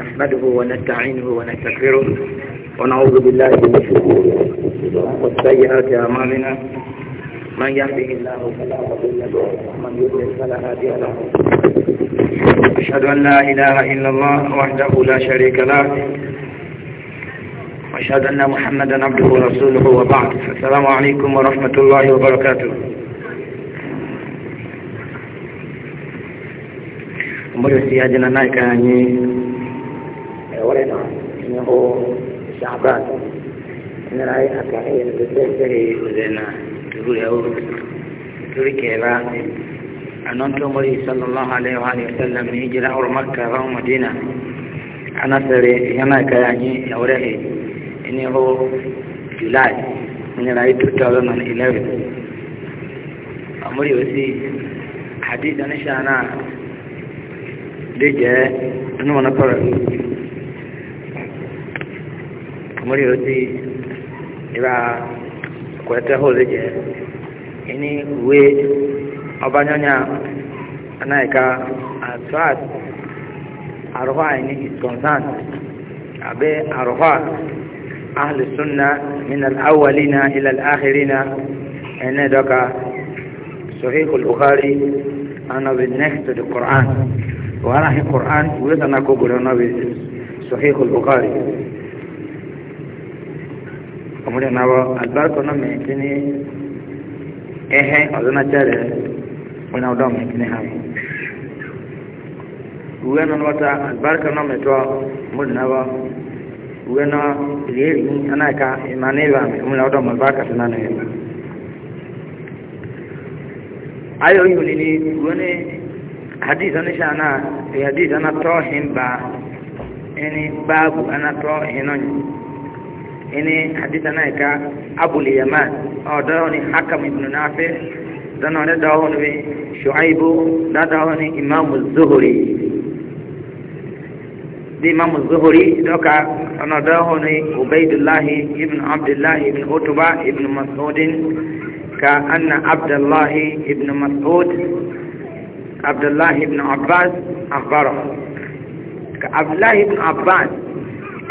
نحمده ونستعينه ونستغفره ونعوذ بالله من شرور وسيئات أعمالنا من يهده الله فلا مضل له ومن يضلل فلا هادي له أشهد أن لا إله إلا الله وحده لا شريك له وأشهد أن محمدا عبده ورسوله وبعد السلام عليكم ورحمة الله وبركاته mbona siaje na naika kanye أيضا إنه شعبان إن رأينا كحيا بالبشر وزينا تقول يقول تركي لا أنت مري صلى الله عليه وآله وسلم هجرة أو مكة أو مدينة أنا سري هنا كياني أوريه إني هو جولاي إني رأيت 2011 أمري وسي حديث أنا شانا لجأ أنه أنا قرأ muri oti iba kwete hole je ini we obanyonya anaika as far as arwa ini is concerned abe arwa ahli sunna min al-awwalina ila al-akhirina ene doka sahih al-bukhari ana bin next to the quran wa rahi quran wa tanako gulo na bi sahih al-bukhari umri na wa albarko na me kini ehe ozona chare una odo me kini ha uwe na wata albarko na me to umri na wa uwe na leri anaka imaneva me umri na odo malbarka tena ne ayo yuli ni uwe ne hadith anisha ana hadith ana tohim ba yani babu ana tohim ini hadithana ka abul yaman o oh, dawo ni hakam ibn nafi dano ne dawo ni shuaibu da dawo ni imam zuhri di imam zuhri doka ono dawo ni ubaidullah ibn abdullah ibn utba ibn mas'ud ka anna abdullah ibn mas'ud abdullah ibn abbas akhbara ka abdullah ibn abbas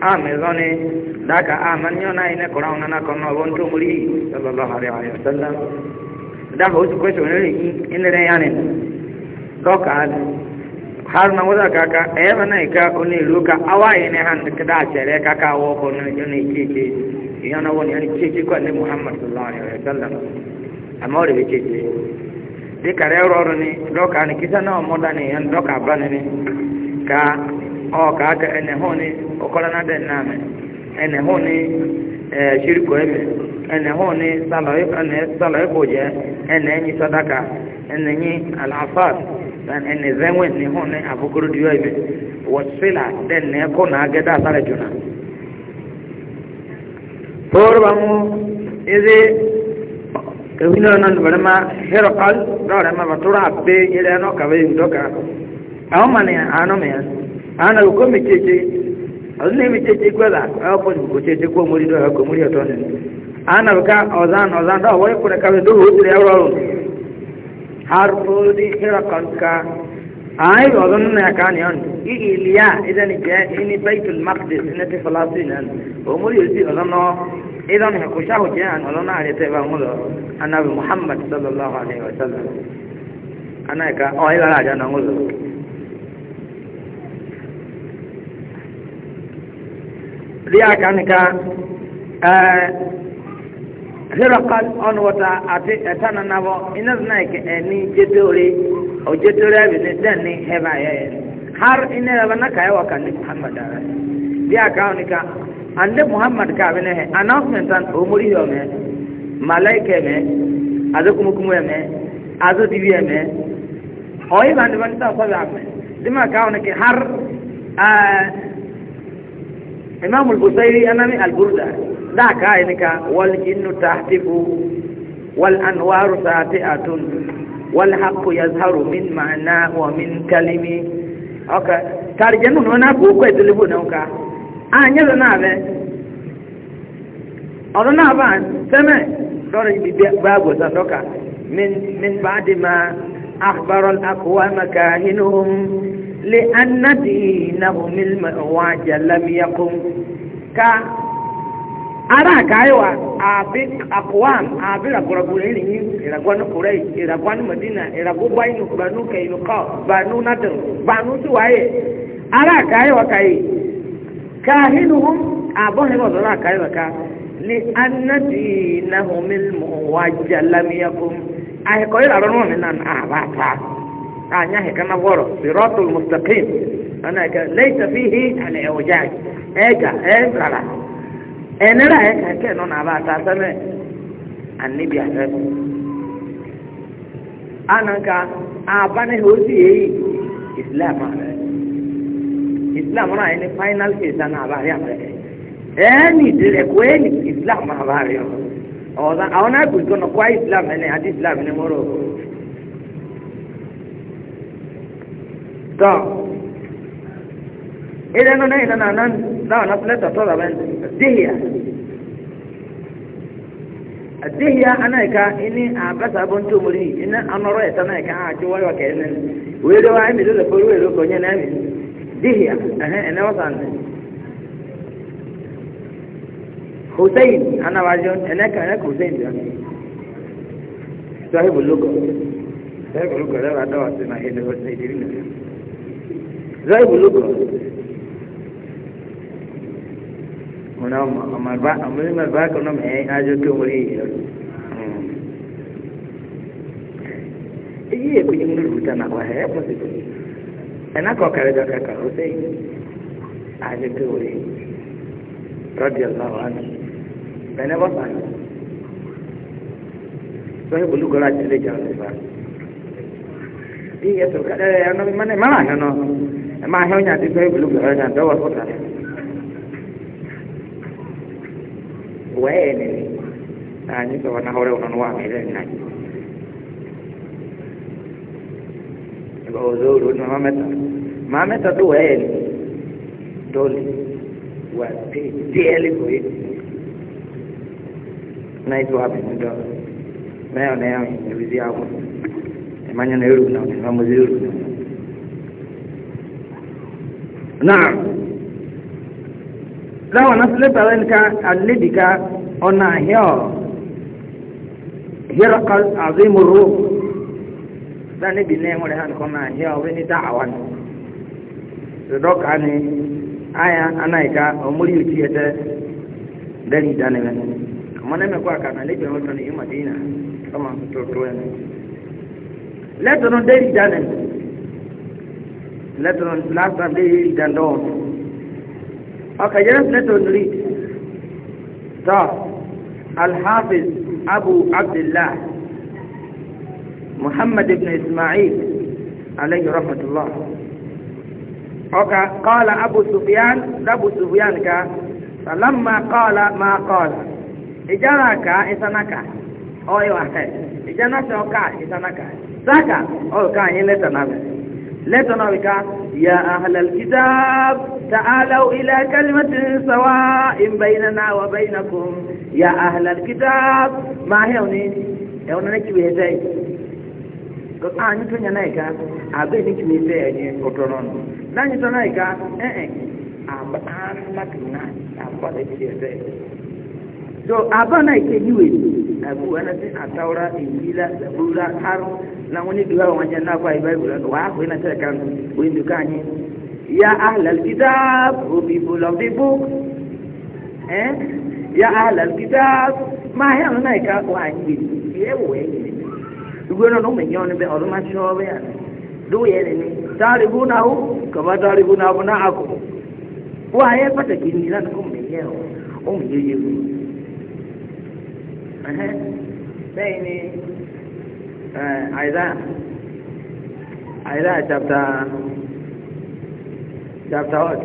amezone daka amanyo na ine kora ona na kono wonto muri sallallahu alaihi wasallam da ho su kweso ne ine re yane doka har na wada kaka e bana ka oni luka awaye ne han kada chere kaka wo ko ne ne kike yana woni ani kike ko ne muhammad sallallahu alaihi wasallam amore be kike de kare roro ni doka ni kisa na moda ni doka bana ni ka ọka aka ene hụ ni ụkọrọ na dị nna amị ene hụ ni e, shiriko eme ene hụ ni salọ ịkụ je ene enyi sadaka ene enyi alafat ene zenwe ni hụ ni abụkọrọ dị ya eme wasila dị nna ịkụ na agada asara juna toro ba mu eze ehunyo nan barema herokal dɔwɛrɛ ma ba tora a bee yɛlɛ nɔ kaba yi dɔ kan awo ma ni a nɔ mɛ yan. ana ko mi cheche azne mi cheche kwala apo ko muri do ko muri to ana ka ozan ozan ka do di kanka ozan ka on i iliya idan je ini baitul maqdis ne te falastin an o muri si ozan no idan ko shaho je na re te ba mu do muhammad sallallahu alaihi wasallam ana ka o ila ja na riya kan ka uh, hirakal on wata ati etana nabo inas na ke ni jetori o jetori abi ne dan ni heba ye har ina ba na kai wa kan muhammad ara riya kan ka ande muhammad ka bi ne announcement an umuri yo me malaike me azukum kumu me azu dibi me oyi ban ban ta ko ya me dima ka on ke har uh, imam al-busairi anani al-burda da ka ainika wal jinnu tahtifu wal anwaru sati'atun wal haqqu yazharu min ma'na wa min kalimi okay tarjanu nona ku ko etelebu na uka anya na ave ọ̀rọ̀ náà bá sẹ́mẹ̀ lọ́rọ̀ ibi gbáàgbò sàtọ́ka min ba'di ma akhbara aqwa makahinuhum لأن دينهم المعواج لم يقم كا أراك أيوة أبيك أقوام أبيك أقربون إليه إلغوان قريش إلغوان مدينة إلغو بينو بانو كينوكا بانو نتر بانو سواي أراك أيوة كاي كاهنهم أبوهم أراك أيوة كا لأن دينهم المعواج لم يقم أهكوين أرنوه من أن أعباتها anyahe kana goro siratul mustaqim ana ka laysa fihi al-iwjaj ega e rara enera ka ke no na ba ta sane annabi asan ananka abane hosi yi islam islam na ni final case na ba ya any dire ko islam ma ba ya o da tọ́ a nínú náà ìlànà na na na pẹ́lẹ́tọ̀ tọ́ làwọn àdéhìá àdéhìá anáìka ní àbẹ́sà abọ́ntó mọ́rí ndị anọ́rọ́ ẹ̀ta náà ká àti wáyọ̀ kẹ́ẹ̀ẹ́ nínú wíwé wa ẹ̀mí ló lè fọ́ wíwé ló kọ́ nyẹ́ náà mi déhìá ẹ̀hẹ́ ẹ̀nẹ́ wọ́n ndị ní. hussein anáwájọ́ ẹ̀nẹ́ kan ẹ̀nẹ́ hussein jọ sọ́hìbù lókọ̀ sọ́hìbù lókọ̀ na hussein drive logo ona amarba amuri na kono me ajo ke muri iye kunyi muri ruta na kwa he pasi ena ko kare da ka ko sei ajo ke muri radiyallahu anhu bene ba sa sai bulu gara chile jawe ba Iya, tu kadang-kadang mana mana kan? ma hɛn nya ti fɛ ebulu gbɛrɛ nya dɔwɔ fota wɛɛ nini aa nyi sɔgɔ na hɔrɛ wɔn wa mi lɛ nina yi ɛbɛ o zoro na ma mɛta ma mɛta do wɛɛ ni dɔli wa pe deɛli ko ye na yi to a bɛn dɔ na yɛ na yɛ ebi zi awɔ ɛma nya na yɛ olu na ɔna mo zi olu na. نعم لو نسلت ذلك الذي أنا هيا هرقل عظيم الروح ده نبي نعم لهان كنا هيا وين دعوة صدق عني آية أنا إيكا أمري وتيتا دليل داني من كما نعم كوا كان نبي نعم لهان كنا هيا مدينة كما تطلعنا لا تنو دليل داني Letron, last of the hill than down. Okay, just let us read. So, Al-Hafiz Abu Abdullah Muhammad ibn Ismail عليه رحمة الله أوكا قال أبو سفيان أبو سفيان كا فلما قال ما قال إجانا كا إسانا كا أو يوحكي إجانا شوكا إسانا كا ساكا أو كا إنسانا كا لتنا بك يا أهل الكتاب تعالوا إلى كلمة سواء بيننا وبينكم يا أهل الكتاب ما هي هوني هوني نكتب هزاي a nyi to nyana ika abe ni kimi se enye kotoron na nyi to na ika eh eh amba na so abana ikejiwe abuwana ti ataura injila zabura har na wani duwa wanya na kwa bible ndo hapo ina tena kan windu kanyi ya ahlal kitab o people of the book eh ya ahlal kitab ma he na ka kwa nyi no be ya do yele ni na hu kama taribuna abnaakum wa pata kinila ko o bẹ́ẹ̀ ni Isaiah Isaiah chapter chapter what?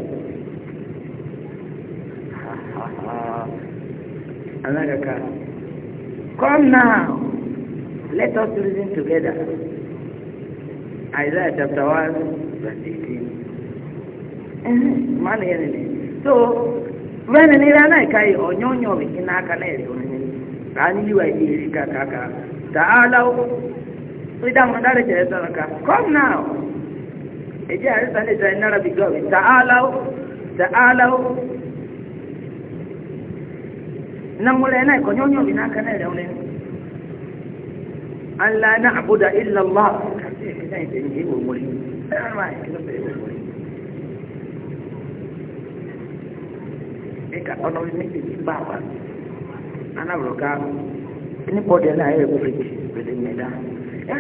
Come now. Let us reason together. Isaiah chapter one, verse 18. Man, so, when in Iran, I carry on your kin, I can ani liwa iri kaka ka ta'ala ida mu dare ke saraka come now eje ari sane ta inara bi go ta'ala ta'ala na mule na ko nyonyo bi kana ile unen an na'budu illa allah Eka ọ̀nà orí méjì gbà anabroka anybody na ayo ko fit na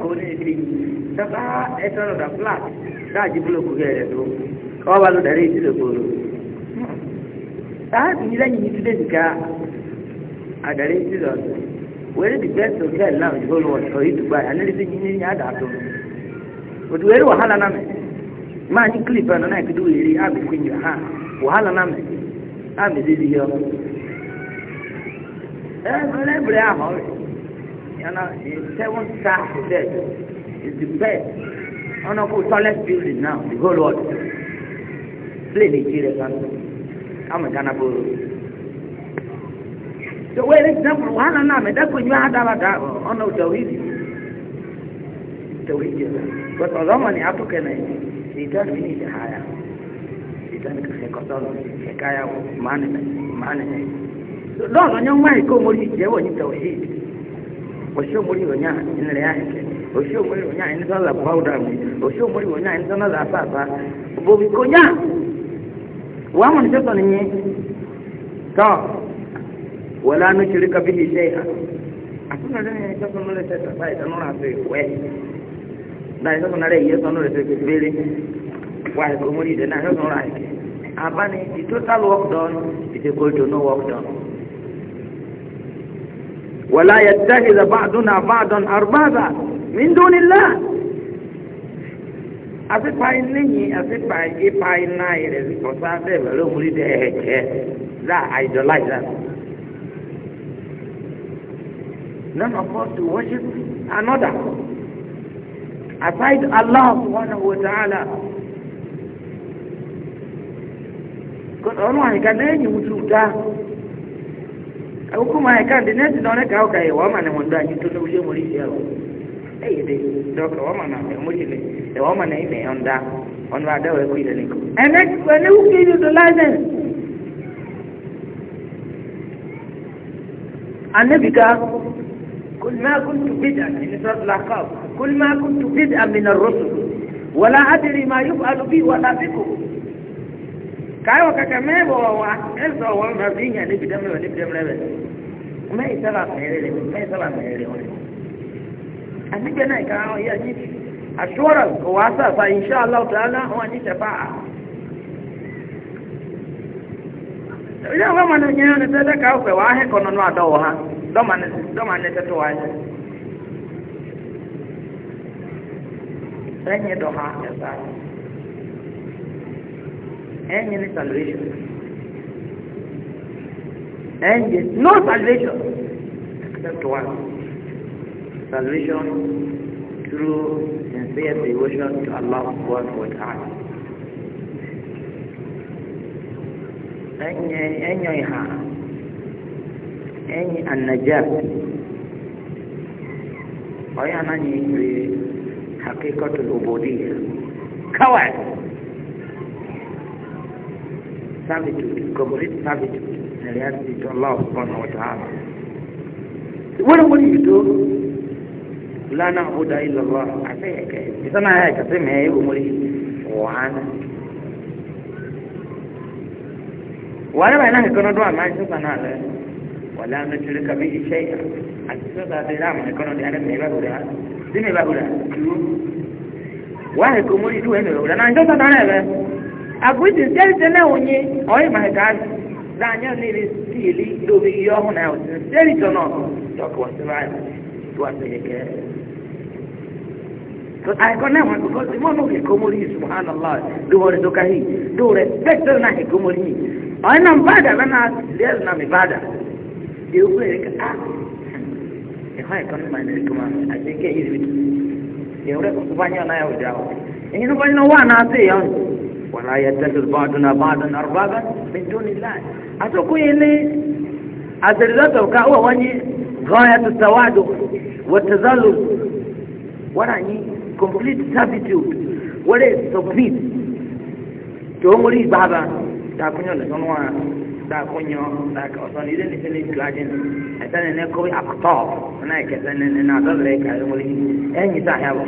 ko ni tri saba etoro flat da ji bloku gere do ko ba lo dare ti do ko ta ni la ti de ka a dare ti do where the best hotel now in the whole world for you to buy and anything you need ada to but where wahala na me ma ni clip na do wahala àmì dídí yọ ẹlẹ́bìrì àhọ́rẹ́ yàrá seven star hotel is the best ọ̀nà tallest building now the whole world plane nigeria kan àmì ghana bolo so na example wàhálà náà àmì dákò nyú àdàbàdà ọ̀nà òtẹ̀wìdì òtẹ̀wìdì ọ̀sán but ọ̀dọ́mọ̀ ni àtúkẹ́ náà ìdájọ́ ní ìdáhàyà. ìdánikà ṣẹkọtọ lọ ṣẹkáyà wọ mánìyàn lọ́ọ̀rọ̀ yẹn wáyé kó mo lè jẹ́wọ̀ ní tẹ̀wọ̀ yìí òṣìṣẹ́ mo lè wọ̀ yàn nílẹ̀ yà ẹ̀kẹ́ òṣìṣẹ́ mo lè wọ̀ mi òṣìṣẹ́ mo lè wọ̀ yàn àfààfà bòbí kò wàá mọ̀ nítorí sọ̀rọ̀ yẹn tọ́ wọlé anú kiri kabi ní iṣẹ́ yà àtúntò lẹ́yìn ẹ̀ sọ́kùn lọ́lẹ̀ sẹ́sọ̀ báyìí why go money then I don't right abani the total work done is equal to no work done ولا يتخذ بعضنا بعضا اربابا من دون الله asepa ninyi asepa ipa ina ire zikosa debe lo muri de heche that idolize that none of us to worship another aside Allah subhanahu wa ta'ala ọ̀nà àyíká lẹ́yìn wùtú dá àkókò máa ẹ̀ka ǹdí nẹ́ẹ̀sì náà ka ọ̀ka ẹ̀wọ̀ ọ̀mà ni wọ́n anyị yìí tó lórí yé mórí ìṣẹ́ ọ̀ ẹ̀yẹ dẹ dọ́kà ọ̀mà náà ẹ̀mọ́jìlẹ̀ ẹ̀wọ̀ ọ̀mà náà ìmẹ̀ ọ̀ndá ọ̀nà àdáwọ̀ ẹ̀kọ́ ìdẹ̀ nìkọ́. ẹ̀nẹ́ pẹ̀lú kí ni the license. anabika kulma kuntu bid'a min sọ́dọ̀ wala adiri ma yóò kayo kaka mebo wa eso wa mabinya ni bidamre ni bidamre be me isala merele me isala merele ole ani bena ka ya ni ashura ko wasa fa insha Allah taala wa ni shafa'a ila wa mana nya na tada ka ko wa he kono no adawo ha do man do man ne tato wa ni renye do ha ya sa any salvation and no salvation except one salvation through sincere devotion to Allah subhanahu wa ta'ala enyo iha enyi annajat oya nanyi hakikatul ubudiyya kawai servitude, complete servitude in reality to Allah subhanahu wa ta'ala. What, what do you do? La na'huda illa Allah. I say, okay. It's an ayah, it's a same ayah, um, li, wana. Wana ba ilang ikono dua, ma'ay sa sanale. Wala na chile kabi i shayta. At sa sa ati lam, ikono di anam niba hula. Di niba hula. Wana ikumuli duwe niba hula. Na'ay sa sanale, ba? Agwisi, siya ni onye ma ka danya niile stili dobe ihe ọhụụ na serito nọ tọkwasịrị anyị tụwasịrị ke aikọna ma kọkọ sí mọ́nà òkè kọmọrí subhanallah dùwọ̀rẹ̀ tó káyì dùwọ̀rẹ̀ tẹ́tẹ́ náà kè kọmọrí yìí ọ̀yẹ́ náà bàdà lọ́nà lẹ́rù náà mi bàdà èwú ẹ̀rẹ́ ká ẹ̀họ́ àìkọ́ni máa ní ìtumọ̀ àti kẹ́ ìrìbìtì ẹ̀wúrẹ́ kọ́kọ́ bá yàn náà yà wò dà wọ́n ẹ̀yin náà bá yàn wà náà sí ìyọ́nù. wala yattakhidh ba'duna ba'dan arbaban min dunillah atakuwa ile azalizata ukawa wani ghayatu tawadu wa tazallum wala ni complete servitude wale submit to muri baba ta kunyo na sonwa ta kunyo ta ka son ile ni sele klajin atana ne ko akta na ke tana ne na dole ka muri enyi ta yawo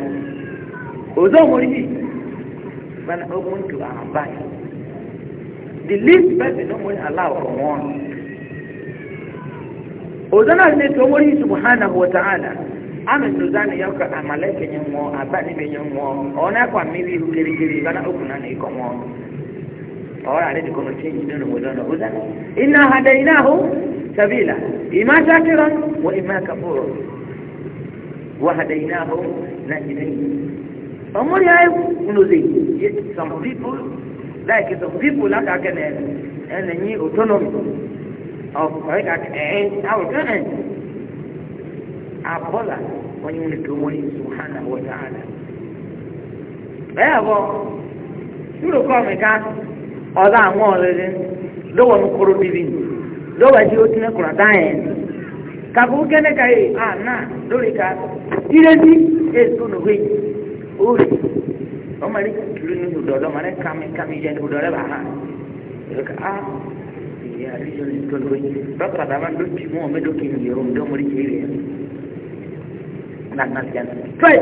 ozo muri bana open to our mind. the least person no more allow come on ozana ne to mori subhanahu wa ta'ala ame tuzana yaka amaleke nyumo abani be nyumo ona kwa mimi ukiri kiri bana okuna ne come on ora ale de kono change no ozana ozana inna hadainahu sabila ima shakiran wa ima kafur وهديناه نجدين Omuri ayi unoze some people like some people like I can uh, and autonomy of like I can our can abola onye nwere ka omori ndị wa ta'ala ya bụ uru ka ọmịka ọza anwa ọlịrị dowe mkpụrụ mmiri dowe ji ore ɔma ne kuturu ne ho dɔdɔ ma ne kame kame yɛ ne ho dɔdɔ ba ha ɛdɔ ka ah yɛ alisɔn ne tɔ lɔ yi dɔkita dama do ti mu ɔmɛ do kiri yɛ ɔmɛ dɔmɔ de kiri yɛ na na ti yɛn tɔɛ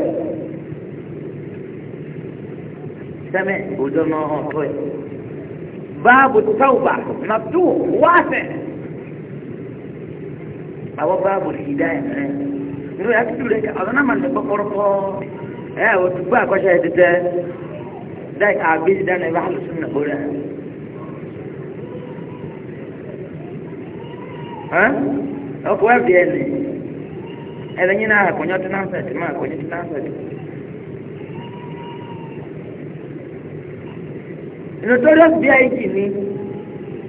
sɛmɛ o nɔ ɔ tɔɛ baabu tawba natu waasɛ awɔ baabu hidaya mɛ n'o yɛ a ti tu de ka ɔlɔna ma ne kɔkɔrɔ kɔɔ. eh wato ba kwa shahidi ta dai abin da na ba halu na gora ha o ko abi ene ele nyina ha ko nyoto na sati ma ko nyoto na sati notorious big ni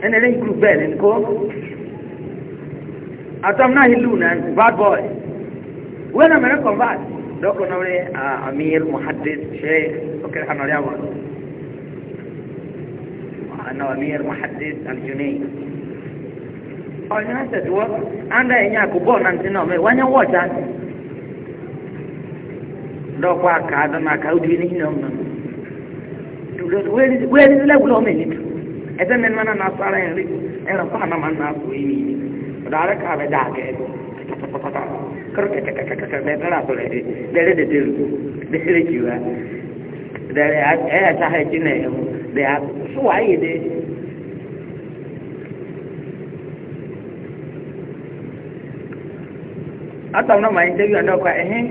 ene le group bell ko atam na hiluna bad boy when na i convert doko nore amir muhaddis sheikh okay hanore awa ana amir muhaddis aljunay ọ̀nà ṣẹ̀dúwọ́ anda ẹ̀yìn àkùbọ̀ náà ti náà mẹ́ wáyé wọ̀ já dọ́kọ̀ àkà àdánà àkà òdìrí ní ìnáwó náà wíwẹ́ ní lẹ́wùlọ́ ọmọ ẹ̀nìtù ẹ̀sẹ̀ mẹ́rin máa náà sọ ara ẹ̀rí ẹ̀rọ fún àná máa náà sọ èyí ọ̀dọ̀ àrẹ́kà karkakakakakar tana so daidai dare da dirku dare kiwa dare ya ta haiti na yau da ya su waye dai atọ̀nà ma ń tẹ́jú ọ̀dọ́kọ̀ ẹ̀hìn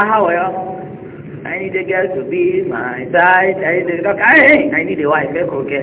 ahàwọ̀yọ́ I need a girl to be my side I need a doctor I need a wife ẹ̀kọ́ kẹ́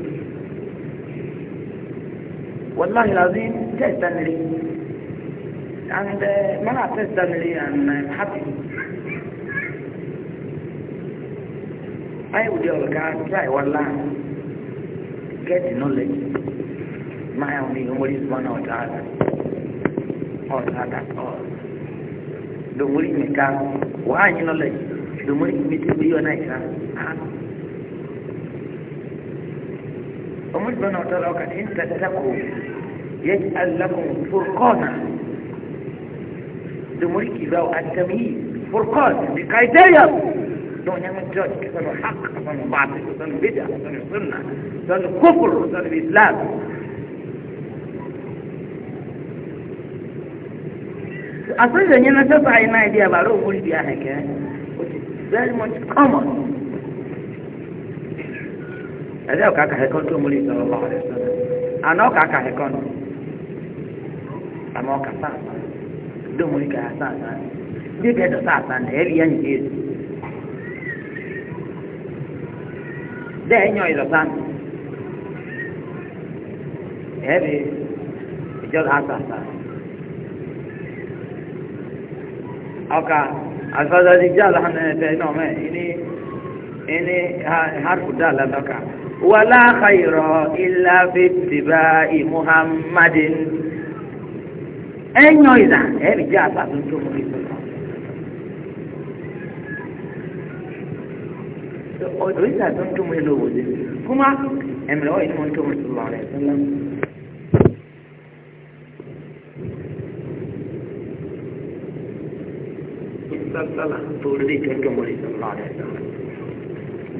wallahi lazim zai tsanri and mana ta tsanri and uh, I'm happy I would have got get knowledge my only nobody is one or the other or the other or knowledge the muri mitibi yona isa فمن سبحانه وتعالى وكان انت تكون يجعل لكم فرقانا دمريكي بقى التمهيد فرقان بقايدية دون يعمل جاج كسنوا حق كسنوا بعض كسنوا بدع كسنوا سنة كسنوا كفر كسنوا إسلام أصلا ينسى صعي ما يديها بقى روح قولي بيها هكذا very much common ẹ̀dẹ́ ọ̀ka kàhẹ́kọ́n tó múlẹ̀ sọ̀rọ̀ lọ́wọ́ rẹ̀ sọ́nà àná ọ̀ka kàhẹ́kọ́n àmọ́ ọ̀ka sáàsán dómúlẹ̀ kàhà sáàsán bí kẹ́ẹ̀dọ̀ sáàsán ẹ̀ lè yẹn yìí dẹ́ ẹ̀ yàn ìdọ̀sán ẹ̀ bí ìjọba sáàsán ọ̀ka àfàdàdìjà lànà ẹ̀fẹ̀ náà mẹ́ ẹni ẹni hàrùkù dà lánàá kàá. ولا خير إلا في اتباع محمد أين إذا أين جاء فأنتم Oysa tó ń tó mú ilé òwòdì, kó má ẹ̀mìlẹ̀ ọ̀yìn mú tó mú ìlú rẹ̀ sílẹ̀. Sálá tó lè tó tó mú ìlú rẹ̀ sílẹ̀.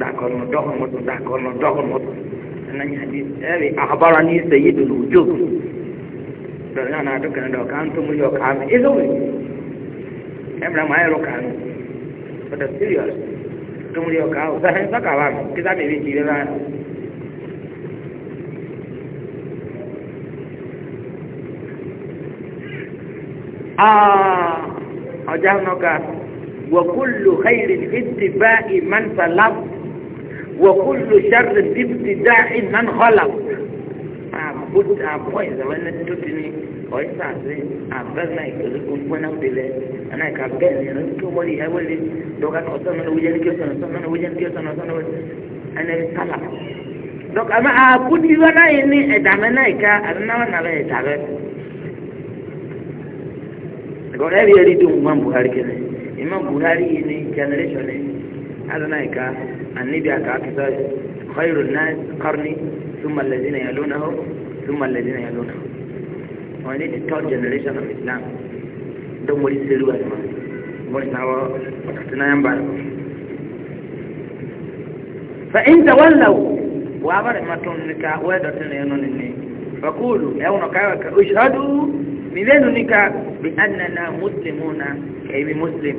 داكون دهم داكون دهم أنا يعني أبي أخبرني سيد الوجوب dɔnna na do kan dɔ kan tó mu yɔ kan mɛ ɛzɔ wɛ ɛmira mu ayɛlò kan ɔtɔ serious tó mu yɔ kan o sɛhɛn sɔka wa mi kisa mi bi ti bi ba aa ɔjà nɔ ka wakulu xeyiri وكل شر بابتداع من خلق àbúdà àbọ̀ ìzàwẹ́lẹ́ tó ti ní ọ̀yíṣà sí àbẹ́lẹ́ ìkẹlẹ́ gbogbo náà bẹ̀rẹ̀ ẹ̀nà ìka bẹ́ẹ̀ ni ẹ̀rọ tó wọlé ẹ̀wẹ́lẹ́ dọ́gba ọ̀sán náà wọ́n yẹn kí ọ̀sán ọ̀sán náà wọ́n yẹn kí ọ̀sán ọ̀sán náà ẹ̀nà ìkálà. dọ́gba àmọ́ àbúdì wọn náà yìí ní ẹ̀dàmẹ́ náà ìka àdínáwó náà lẹ́yìn ìtàrẹ́. ẹ̀gọ́rẹ́ rí ẹ̀rí dùn mọ́ buhari kẹ́lẹ́ ìmọ̀ buhari yìí ní النبي أكاكي ذلك خير الناس قرني ثم الذين يلونه ثم الذين يلونه وإنه تطور جنريشن في الإسلام دون مولي سيروة مولي سعوة وقتنا ينبال فإن تولوا وعبر ما تنكا ويدا تنينون إني فقولوا يو نكاوك اشهدوا مذين نكا بأننا مسلمون كيبي مسلم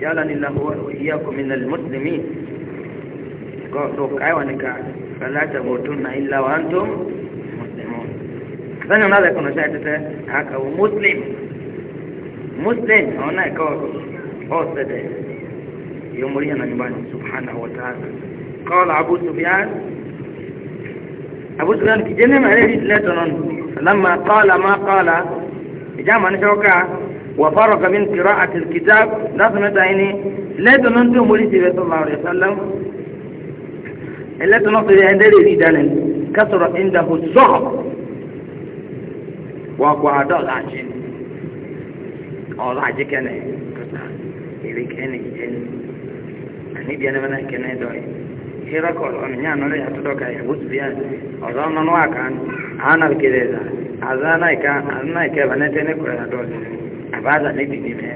جعلني الله وإياكم من المسلمين rokai wani ka falata hoton na illa wa antum muslimun sanin na zai kuna shaita ta haka muslim muslim a wani ka hosta da yomuri yana yi bani subhanahu wa ta'ala kawala abu sufyan abu sufyan ki jene mai rai letonon lamma kala ma kala ijama na shauka وفرق من قراءة الكتاب لا سمعت عيني لا تنتم ولي صلى الله عليه وسلم ẹlẹ́tọ̀ náà sọ̀rọ̀ ẹ̀ndẹ́rẹ́ èrí ìdálẹ̀ kẹsọ̀rọ̀ ẹ̀ndàbò sọ̀rọ̀ wọ́n kọ́ àdọ́ ọ̀làjì ọ̀làjì kẹ́nẹ̀ èrè kẹ́nẹ̀ ìjẹ́ni àníbi ẹni mẹ́ta kẹ́nẹ̀ dọ̀yì hirakọ̀ ọ̀nìyàn náà lẹ́yìn àtúndọ̀kà ìyàwó tìbí yà ọ̀dọ́ nínú àká àánà eza dà àzá náà ìka àánà ìka ẹ̀bà nẹ́tẹ́ ní kúrẹ́ àdọ́ àbáza níbi níbẹ̀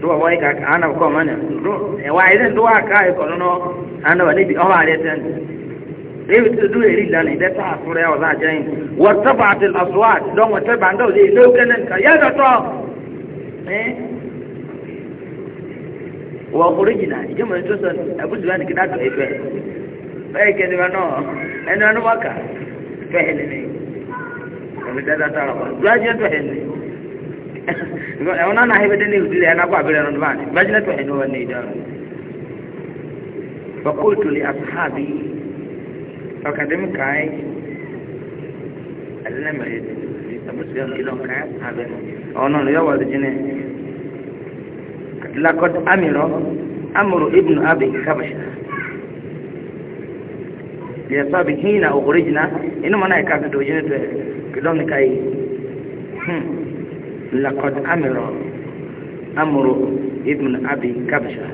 dúwà wáyé kàkà àánà ebi ti du eri lana ide ta asura ya wala ajayin wata ba til aswat don wata ba ndo zai ile uke nan ka ya da to eh? wa kurijina ije mai to san abu zuwa ni kida to efe bai ke ni ba no ẹni wọn maka to hele ne ẹbi dada ta rọba zuwa je to hele ẹwọn náà náà hebe dẹni ìdílé ẹ náà kó abẹrẹ ẹnu bá ní bájú náà to hele wọn ní ìdáhùn فقلت لأصحابي فكلمك هاي قال لنا مريض انت مسلم كده وكاس هذا هو انا يا ولد جنيه لقد امر امر ابن ابي حبشه لأصحاب حين أخرجنا إنما أنا كافي دوجين كلهم كاي لقد أمر أمر ابن أبي كبشة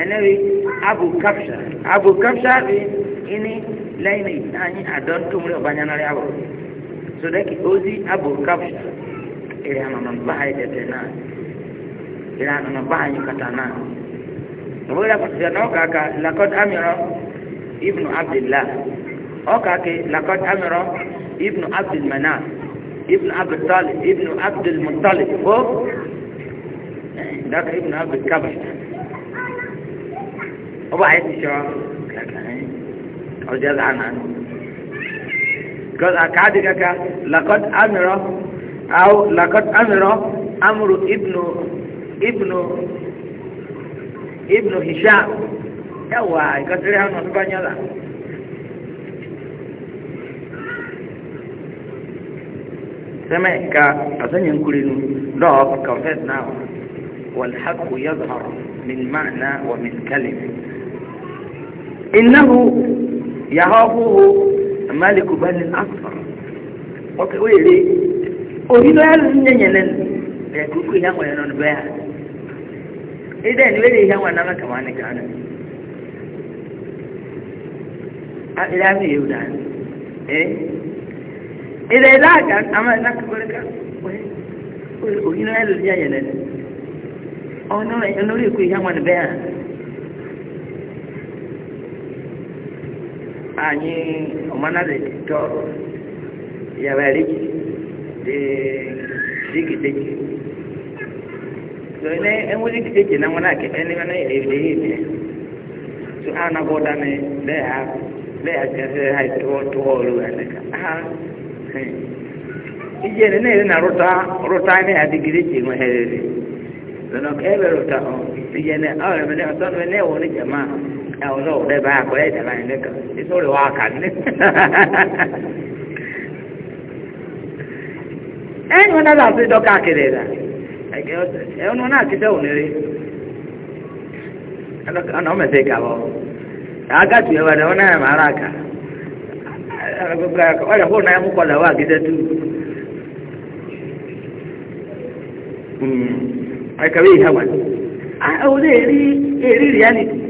ẹnẹ́rì abùkapṣà abùkapṣà bi ini lẹ́yìn anyị adọ́ntúmúrẹ́ ọ̀bányanárí abọ̀ sọdẹ́kì ozi abùkapṣà ìrìn ànàmà báyìí tẹ̀tẹ̀ náà ìrìn ànàmà báyìí kàtà náà òwò yà kọ̀tù sẹ́ni ọkà kà lakọ́t amírọ̀ ibnu abdillah ọkà kì lakọ́t amírọ̀ ibnu abdulmanà ibnu abdulmutali ibnu abdulmutali fó dàkà ibnu abdulkabṣà. هو عايز يشعر أو جزعا عنه كعادة كا لقد أمر أو لقد أمر أمر ابن ابن ابن هشام يا يوا يكسر عنه سبحان الله سمعك أظن ينكرين دوك كفت نعم والحق يظهر من معنى ومن كلمة إنه يهابه مالك بن الأصفر وكويري أريد أن ينين لكوكو يهوى ينون بها إذا نولي يهوى نما كمان كان إلى أمي يودان إيه إذا لا كان أما نكبرك أريد أن ينين أو نولي يهوى بها anyị ọmanadị tọ yabari dị dịgidegi so ne enwe dịgidegi na nwana ke ene mana ebide ya ebe so ha na bọda ne le ha le ha kese ha tụọ tụọ ọrụ ya ne ka ha ije ne na-ere na rụta rụta ne ha dịgidegi nwe ha erere lọnà ka ebe rụta ọ ije ne ọ rere e ne ọtọ ne ewu ne jamaa ẹ̀wọ̀n sọ̀rọ̀ dẹ́ báyà pẹ́ ìdàlá yẹn ha èso rẹ̀ wá ní. ẹ̀yìn wọn náà fi dọ́kà kiri rà ẹ̀yìn ha náà ti dẹ́ òní ọ̀nà ọ̀mẹ̀sẹ̀ kà wọ́ àgàtù ha wà ní ọ̀nà ẹ̀mọ̀ ara kà ọ̀rẹ́ fún náà ẹ̀mú kọlẹ̀ ha gídẹ́ tú. ẹ̀ka bí ìhàwà eri eri reality.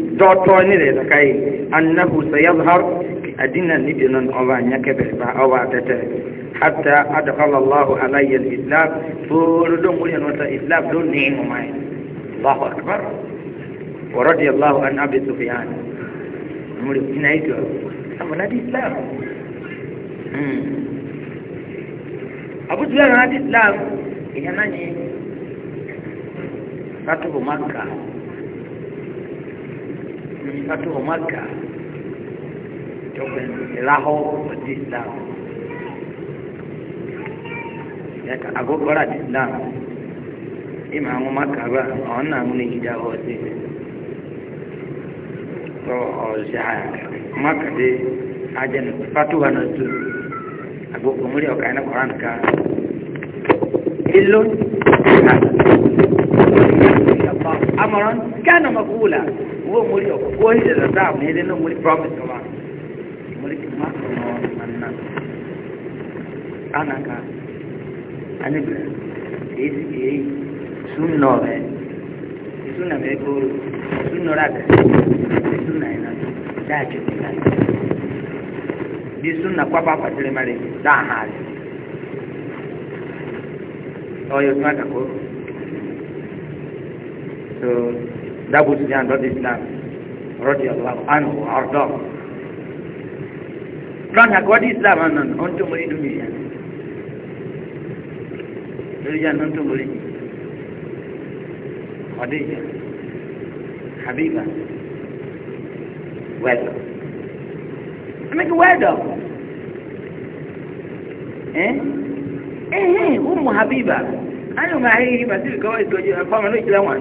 dɔɔtɔ ne de zaka ye annahu sayazhar adina ni de non ɔba nyake bɛ ba ɔba tɛtɛ hatta adkhala allah alayya alislam foro don wuri no ta islam don ne mu mai allahu akbar wa radiyallahu an abi sufyan muri ina ito amma islam hmm. abu sufyan na islam ina nani fatuhu makkah fatuhu Makkah token Lahore was Islam yàtọ̀ agogola ti Islam ìmọ̀ àwọn Makkah bá àwọn náà mú ní ìjà ọ̀sẹ̀ tó ọ̀sẹ̀ Makkah dé ajẹ́nu fatuhu náà tó agogo múlẹ̀ ọ̀ka iná kọ̀ọ̀rán ká ilé amọ̀ràn kánà mọ̀kúwùlà. wo muri o ko hi da da mu ne no muri promise muri no anna ani bi e si sun no be sun na be ko sun no ra da sun na ina da ji ni bi sun na kwa pa pa mare da ha ri oyo so dábò sí àndọ́ di islam rọ́dí ọ̀la àánú ọ̀dọ́. lọ́nà àkọ́dí islam àná ọ̀n tó mórí dùn yìí lórí yà ọ̀n tó habiba wẹ́dọ̀ ẹ̀mẹ́kì wẹ́dọ̀ ẹ̀ ẹ̀ ẹ̀ ọmọ habiba Anu máa ń rí ibà sí ìkọ́wé ìtọ́jú ẹ̀fọ́ ọmọ lójú lẹ́wọ̀n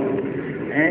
ẹ̀.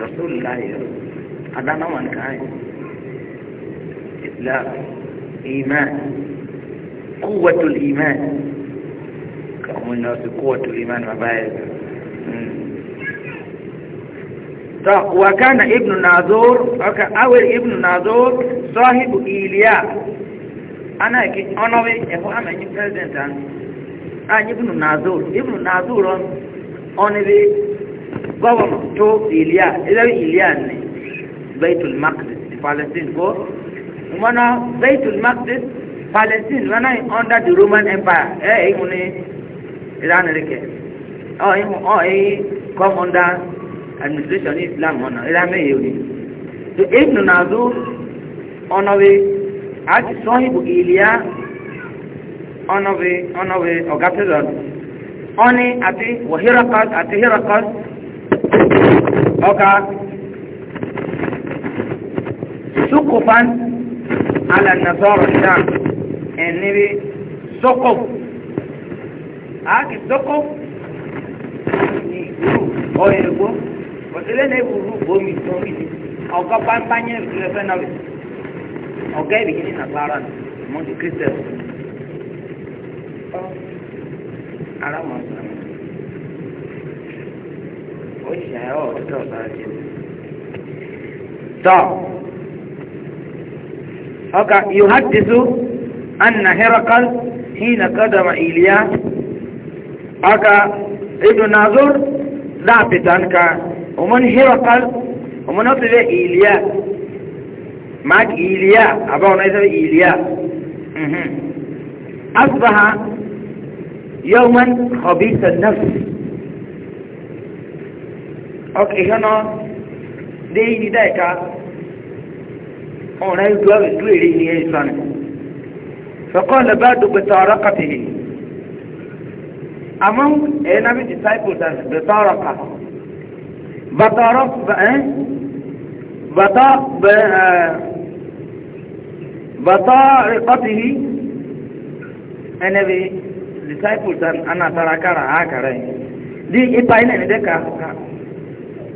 rasulillah adana wọn kan islam iman kuwatul iman kàwọn náà sì kuwatul iman bàbá yẹn. وكان ابن ناظور أو ابن ناظور صاحب إيليا أنا كي أنا وي أهو أنا جي بريزنت أنا ابن ناظور ابن ناظور أنا power to Ilya ilawi Ilya ni Baitul Maqdis Palestine ko mana Baitul Maqdis Palestine mana under the Roman Empire eh eh muni Iran rike oh eh oh eh come under administration Islam ona Iran me yoni to Ibn Nazur ona we ati sahibu Ilya ona we ona we ogatedon oni ati wahirakal ati ọka sukufan ala nasọrọ sham ẹniri sokuf aki sokuf ni ru ọyẹgbọ ọtẹlẹ náà ewúru bomi bomi ni ọgá pampanye ìfúnlẹfẹ náà wẹ ọgá ìbí yìí nàgbára nù mọtò kristian ara mọ يا يحدث أن هرقل حين قدم إلياس أوكا ناظر ضابط أنك ومن هرقل ومن أطلب إلياس معك إلياس يسمى إلياس أصبح يوما خبيث النفس ọkìhánà dé yìí dá ẹ̀ka ọ̀rẹ́ ìlú ìlú èrè ní ẹ̀sán fẹ̀kọ́ lẹ́bàá dùgbẹ̀tà ọ̀rọ̀ kàtìlì among ẹ̀nàmì disciples as bẹ̀tà ọ̀rọ̀ kà bàtà ọ̀rọ̀ bàtà bàtà rẹ̀kọ́tìlì ẹ̀nẹ́bí disciples anàtàràkàrà àkàrẹ̀ di ipa ilẹ̀ ní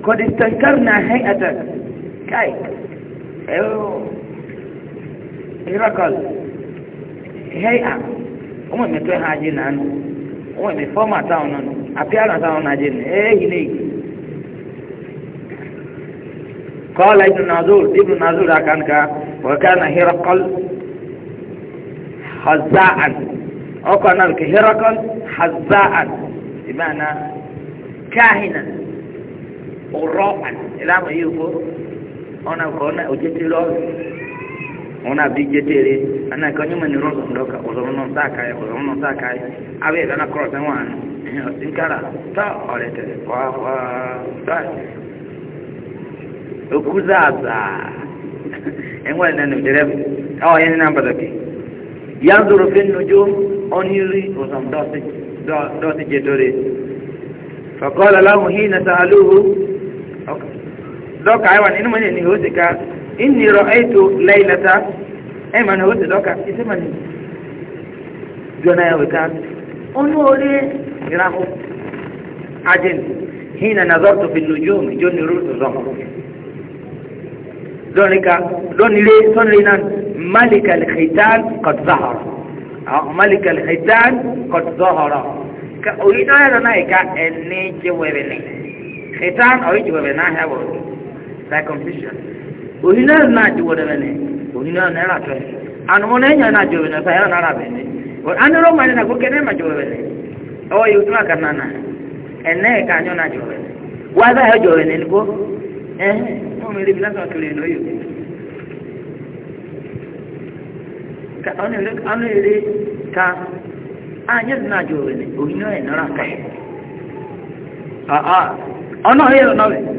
قد استنكرنا هيئتك كاي هرقل هيئة ọmọ mi tó hàn jìn nànú ọmọ mi fọ́ọ̀mù àtàwọn nànú àpẹ́rẹ́ àtàwọn nàjẹ nì ẹ́yìn ní ìgbì. kọ́ọ̀lá ibùdó nàzúr ibùdó nàzúr àkànkà wọ́ọ̀ká na hẹ́rọ́kọ́l hazáàn ọkọ̀ náà kì hẹ́rọ́kọ́l hazáàn ìbáná káhìnà. urọ́ọ̀pàn ìlànà yìí kó ọ̀nà kọ́nà òjèjì lọ́ọ̀rù ọ̀nà àbíjẹ́tẹ̀rẹ̀ ana kọ́nyé mọ̀ ní rọ́ọ̀sọ̀ ńdọ́kà ọ̀sọ̀rọ̀ náà sáàkà yẹ ọ̀sọ̀rọ̀ náà sáàkà yẹ abẹ́ ìdáná kọ́rọ̀ sẹ́wọ̀n àná ọ̀sìnkára tá ọ̀rẹ́ tẹ̀lé wàá na ya ń zoro fi na dọ́kà ẹwà nínú mọ́ni ní hóòsì ká ìní rọ ètò lẹ́yìnlẹ́ta ẹ̀ mà ní hóòsì dọ́kà ìsì mà ní jọ̀nà ẹ̀wẹ̀ ká ọ̀nà orí ìràhùn ajẹ́n hìnà nàzọ́tò fi lójú omi jọ ní rúùtù zọ́n dọ́nìkà dọ́nìlé sọ́nìlé náà málìkà lẹ́kẹ̀tàn kọ̀tùzáhọ̀rọ̀ málìkà lẹ́kẹ̀tàn kọ̀tùzáhọ̀rọ̀ ka oyi náà yẹn náà yìí ká ẹni jẹ́wẹ́rẹ́ ni kẹtàn oyi jẹ́wẹ́rẹ́ náà yẹ wọ̀rọ̀. circumcision òhìn náà náà jẹ́wọ́ dẹ́mẹ́ ni òhìn náà náà ràtọ́ ẹ̀ àná wọn náà yàn náà jẹ́wọ́ náà rà bẹ́ẹ̀ ni máa ní náà kókè náà má jẹ́wọ́ bẹ́ẹ̀ ọwọ́ yìí tún àkànnà náà ẹ̀ ẹ̀ka ànyọ́ náà jẹ́wọ́ bẹ́ẹ̀ wọ́n á sáyà jẹ́wọ́ bẹ́ẹ̀ ni kó ẹ̀ wọ́n mi lásán kiri ní oyè ọ̀nà ka ànyẹ́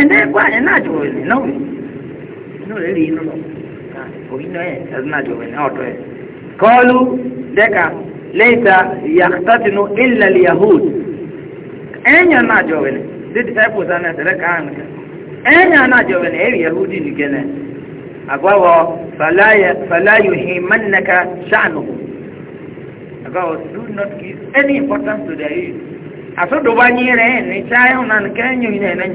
ẹ̀ndẹ́ ẹ̀kọ́ àyẹ̀ náà jọ wẹ̀lẹ̀ náà wẹ̀ inú rẹ̀ rí inú lọ òyìn náà ẹ̀ ẹ̀dùn náà jọ wẹ̀lẹ̀ náà ọ̀tọ̀ ẹ̀. kọ́ọ̀lù dẹ́ka lẹ́ta yàtàtìnú ilẹ̀ yahood ẹ̀yàn náà jọ wẹ̀lẹ̀ the disciples náà tẹ̀lé káàmù ẹ̀yàn náà jọ wẹ̀lẹ̀ ẹ̀rì yahood nìkẹ́ náà àgbáwọ̀ fàlàyò hìmánìkà ṣáànù àgbáwọ̀ do not give any importance to their age àtúndùbá yín rẹ̀ ẹ̀ ní ṣáà ẹ̀hún náà nìkẹ́ ẹ̀yìn náà ẹ̀yìn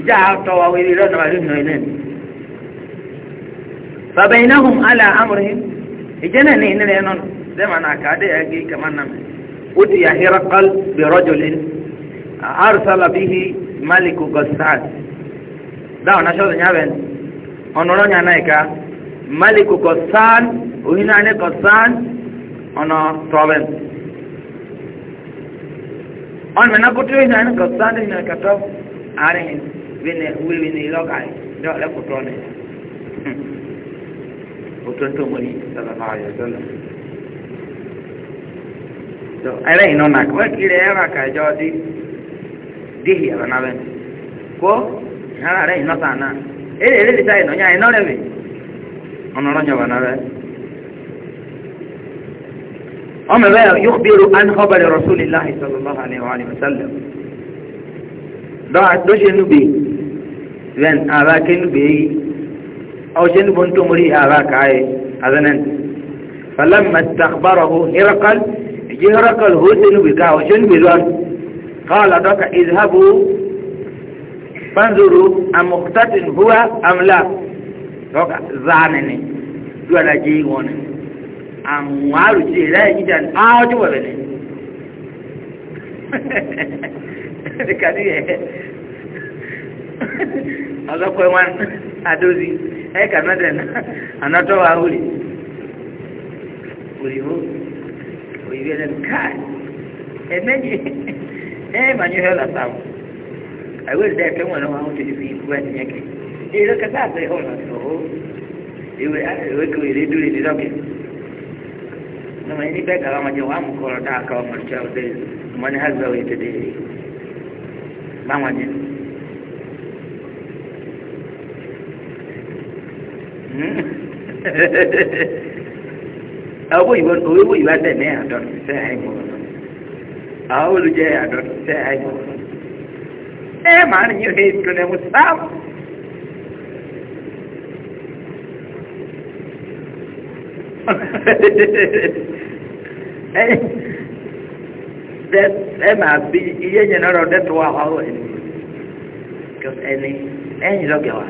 ìjà àtọ́ wa wíri lọ́nà wà lónìí náà bàbá iná hùm àlà amúrí ìjẹ́ náà ní ìnira ẹnu dẹ́mà náà kàdé ẹgbẹ́ kàmá nà mí ó ti yà hírakal bẹ̀rọ̀ jọlẹ̀ àrùsálà bíhi málìkù gọ̀sán dáwọn náà ṣọ́ọ̀tù nyàbẹ̀ ọ̀nọ̀rọ̀ nyà náà ìka málìkù gọ̀sán òhìn náà ní gọ̀sán ọ̀nà tọ́bẹ̀ ọ̀nà mẹ́nà kótó ìhìn náà ní ìhìn náà kàtọ́ àárín yìí wene wewe ni lokai ndio la kutone utonto mwali sallallahu alaihi wasallam so ala inona kwa kile yaba kajodi dihi ya bana ben ko hala ala ino sana ele ele lisa ino nya ino lewe ono ronyo bana ben أما بقى يخبر عن خبر رسول الله صلى الله عليه وآله وسلم ده عدوش النبي ven aba kenu beyi aw jenu bon to muri aba kai azanan falamma istakhbarahu hirqal hirqal husnu bika aw jenu bilwan qala daka izhabu fanzuru am muqtatin huwa am la daka zanani duwa da ji won am waru ji ra ji dan a to wala ne kadi ọzọkwa nwa adozi anyị e ka nọdụ anọtọ ha uri oyibo oyibo ede kai ee manye ihe ọlọta m anyị wee efe nwere nwa ahụ tiri fi ikwu anyị nyeke ere kata atọ ihe ọlọta o ewe ka were duru edi dọkị na manye n'ibe gara ọmọ wa mụ kọrọ aka ọmọ chọọ dị mmanụ ha zọrọ ite dị ma owó ìwọ owó ìwọ sẹ ní àdọtí sẹ àìmọ àwọn olùjẹ àdọtí sẹ àìmọ ẹ máa ní ìwé ìtúnú ẹmu sáà. ẹ máa bí iye yẹn náà rọ dẹ́tọ̀ wà wá ẹni ẹni ẹ̀yìn lọ́gẹ̀wà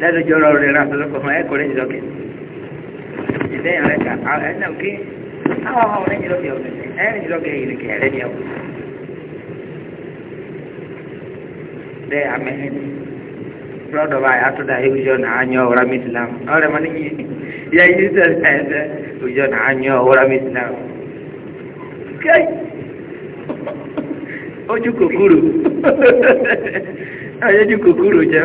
lẹ́nu jọ rọrùn rẹ̀ ràn lọ́kọ̀ fún ẹ̀kọ́rẹ́ ìjọkẹ́ ìdẹ́yìn rẹ̀ kà ẹ̀nà òkè àwọn ọmọ rẹ̀ ìjọkẹ́ ọ̀gbẹ̀ ẹ̀rìn ìjọkẹ́ ìrìnkẹ́ rẹ̀ ni ọ̀gbẹ̀ dẹ́ amẹ́hìn lọ́dọ̀ báyìí atúndà ìwújọ nà ányọ́ ọ̀rá mìtìlám ọ̀rẹ́ mọ́ níyì yẹ yìí sẹ́sẹ̀ ẹ̀sẹ̀ ìwújọ nà ányọ́ ọ̀rá mìtìlám kẹ́ ojú kòkúrò ojú kòkúrò jẹ́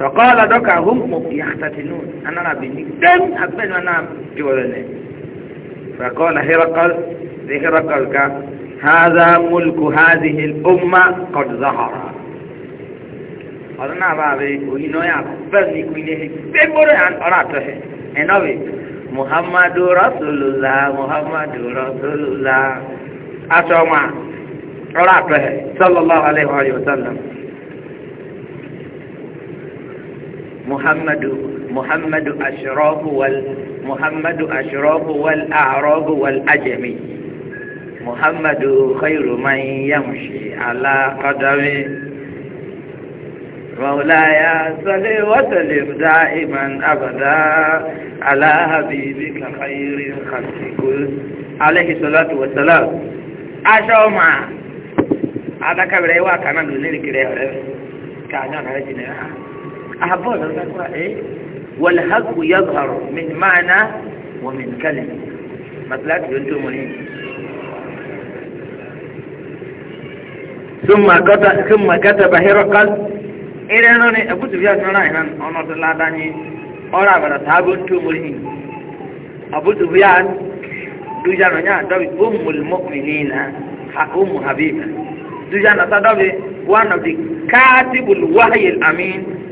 فقال دكا هم يختتنون أنا بني دم أبن أنا جولنا فقال هرقل هرقل هذا ملك هذه الأمة قد ظهر أنا بابي وينو يا بني كوينه بمر عن أراته أنا محمد رسول الله محمد رسول الله أشوما أراته صلى الله عليه وآله وسلم محمد محمد أشراف وال محمد أشراف والأعراب والأجمي محمد خير من يمشي على قدمي مولاي صل وسلم دائما أبدا على حبيبك خير خلق عليه الصلاة والسلام أشوما هذا كبير وكان من ذلك كان يوم أحبونا إيه والهق يظهر من معنى ومن كلمة مثلا ينتم ثم كتب ثم كتب هرقل إلى أن أبو سفيان أنا هنا أنا تلا داني أنا برا ثابت تومرين أبو سفيان دجانا يا دبي أم المؤمنين أم حبيبة دجانا تدبي one of the كاتب الوحي الأمين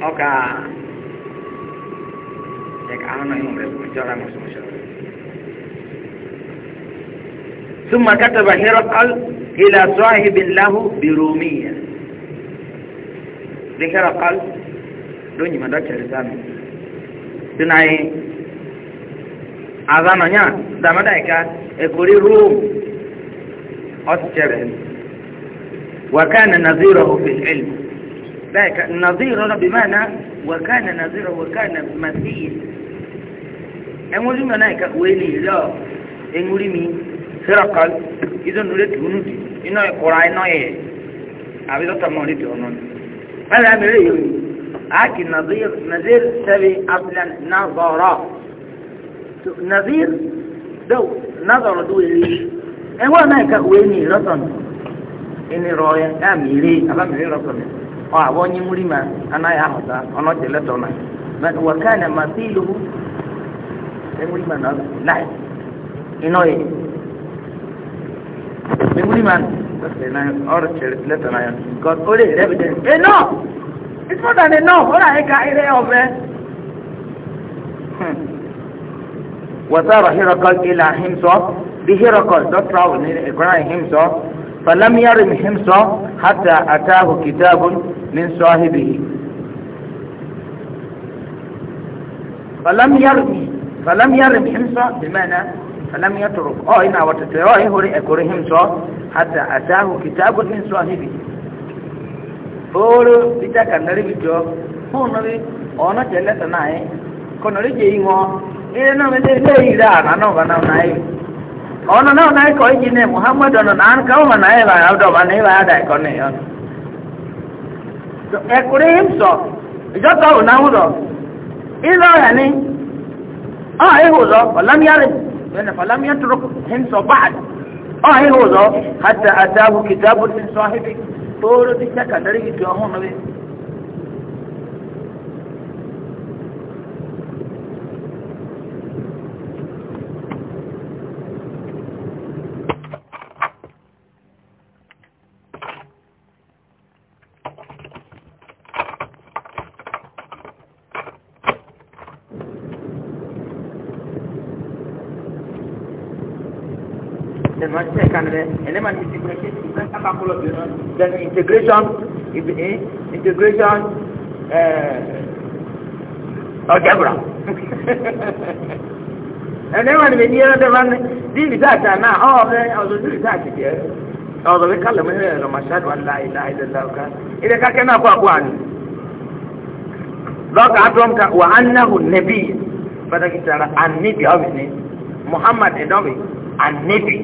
ọkà ẹ̀ka àwọn náà yóò rẹ̀ kó jọra mọ̀sọ̀mọ̀sọ̀. ثم كتب هرقل إلى صاحب له برومية لهرقل دون يمدك رسالة تنعي أظننا دمدائك يقول روم أسجره وكان نظيره في العلم ذلك نظير بمعنى وكان نظيره وكان مثيل أمولي من هناك ويلي لا أمولي من سرقل إذا نريد هنود إنه قرآن نوعي أبدا تمولي تهنون هذا أمر يومي لكن نظير نظير سبي أصلا نظرا نظير دو نظر دو إليه أمولي هناك ويلي رسم إني رأي أميري أبا ميري رسمي ọ abọ onye murima anaghị ahụta ọnọdụ letọ na mana waka na ma fi ilu emurima na lai ịnọghị emurima ọrụ chere letọ na ya because o rere evidence enough it's more than enough ọ na-ahị ka ihe ọbẹ hmm. wata rahirokol ila himself the hirokol don't travel near a crying فلم يرم حمصا حتى أتاه كتاب من صاحبه فلم يرم فلم يرم حمصا بمعنى فلم يترك أو إنا وتتواه هوري أكوري حمصا حتى أتاه كتاب من صاحبه Oro bita kanari bijo, hono bi ono jelle tanae, konori jeingo, ile na mede ile ira na no bana nae, ọ̀nà náà náà kọ́ ìjì ní muhammed ọ̀nà náà ká ọ̀nà náà ẹ̀bà àdọ̀bà ní ẹ̀bà àdà ẹ̀kọ́ ní ọ̀nà. ẹ̀kúrí ń sọ ìjọba ò náà wúlọ̀ ìlọ ọ̀yà ni ọ̀ ihu lọ ọ̀lámíyàrì bẹ́ẹ̀ni ọ̀lámíyà tóró ń sọ báàdì ọ̀ ihu lọ hàtà àtàwù kìtàbù ti sọ then integration is eh, integration uh, algebra and then when we near the one this is that now oh okay also this is that here ọ̀rọ̀ wí kálọ̀ mẹ́rin ẹ̀rọ màṣáàdù aláìlá ìlẹ̀lá ọ̀gá ilé kákẹ́ náà kó àkó àná lọ́kà àdúrọ̀mùkà wà á náhùn nẹ́bí pàtàkì tara àníbì ọ̀bìnrin muhammad ẹ̀dọ́bì àníbì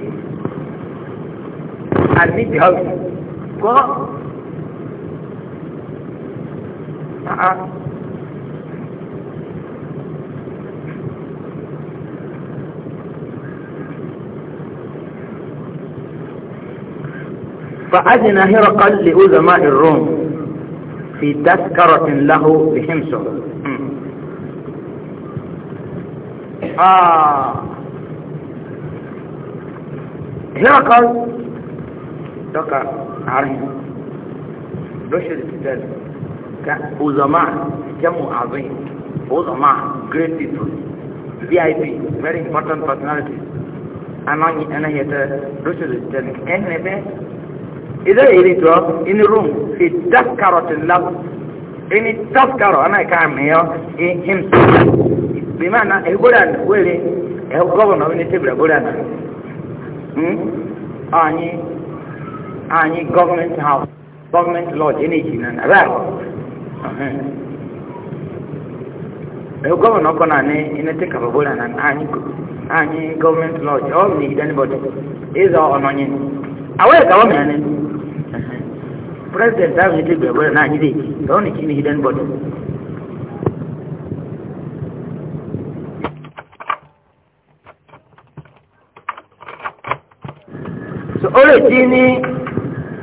àníbì ọ̀bìnrin. آه. فأذن هرقل لأزماء الروم في تذكرة له بحمصه آه هرقل ذكر عربي بشر الكتاب كعظماء كم عظيم عظماء great people VIP very important personalities أنا أنا هي بشر الكتاب إن به إذا يريد إن روم في تذكرة اللفظ إن التذكرة أنا كعم هي إيه بمعنى يقول أنا ولي هو قبل ما بنتبرأ يقول أنا أني anyị gọọmenti haus gọọmenti lọji na-eji na na rak gọvanọ ọkọ na ne inete kababola na anyị anyị gọọmenti lọji ọ bụ n'igide n'ibọdụ ịzọ ọnọnye awọ ya kawo mịa ne president ahụ ete gbegbe na anyị dị ka ọ na-eji n'igide n'ibọdụ so ọ na-eji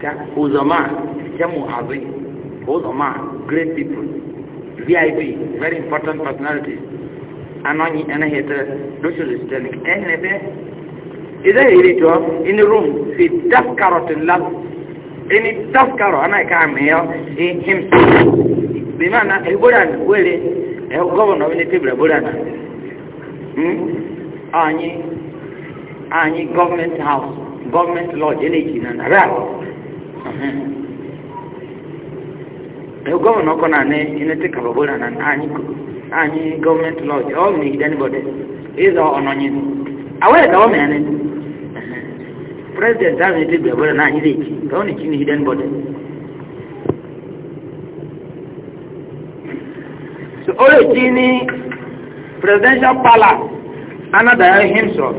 ka uzama jamu azim uzama great people vip very important personalities anonyi anaheta socialist and enefe إذا يريدوا إن روم في تذكرة الله إن تذكرة أنا كام هي هم بمعنى البلان ولي هو قبنا من تبلا بلانا أني أني government house government lodge إلي كنا نرى ewu gọvanọ ọkọ na ne inete kababola na anyị anyị gọọmenti lọji ọ bụ n'egide anybody ịzọ ọnọnyi awee ka ọ president na anyị so presidential palace anadaya himself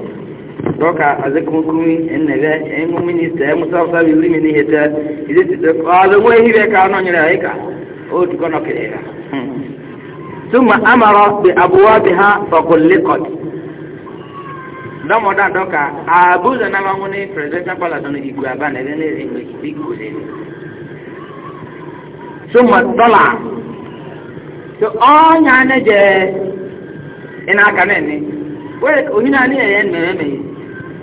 roka azekumunkumi enebe emu minista emu sawusa bi wuli mini heta ize ti se kaalo wo ehi bɛ kaa nɔnyere ayi ka o tukɔ nɔkele la amara dɔmɔ da dɔ ka abuza nama akpala igu aba na ne dɔla ɔnya ne ina ne wɛ na yɛ yɛ mɛmɛ yi.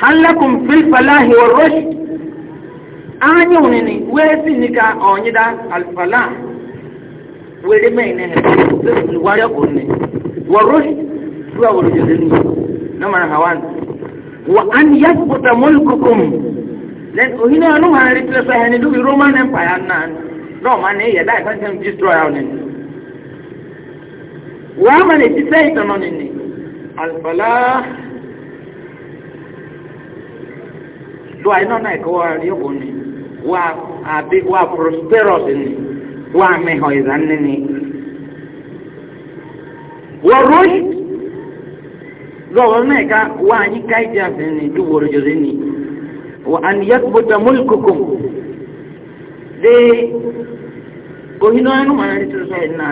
halakum fil falahi wa rushd anyo nini wezi nika onyida al falah wele maine ne ni wari ko ne wa rushd tuwa wa rujdeni na mara hawan wa an yathbuta mulkukum len ohina anu ha replace ha ni du roman empire nan no man ne ya dai kan destroy out ne wa man ti sai to no al falah so àìnọ́nà ẹ̀kọ́ wa rí òkú ni wa àbí wa prosperous ni wa mẹ́hàn ìdáni ni. wọ́n ròyìn lọ́wọ́ náà ká wa anyi káyìjà sí ni dúwòrò jòzé ni wa an yakbuta mulkukum de ohinɔ anu mana ni toro sɔrɔ ina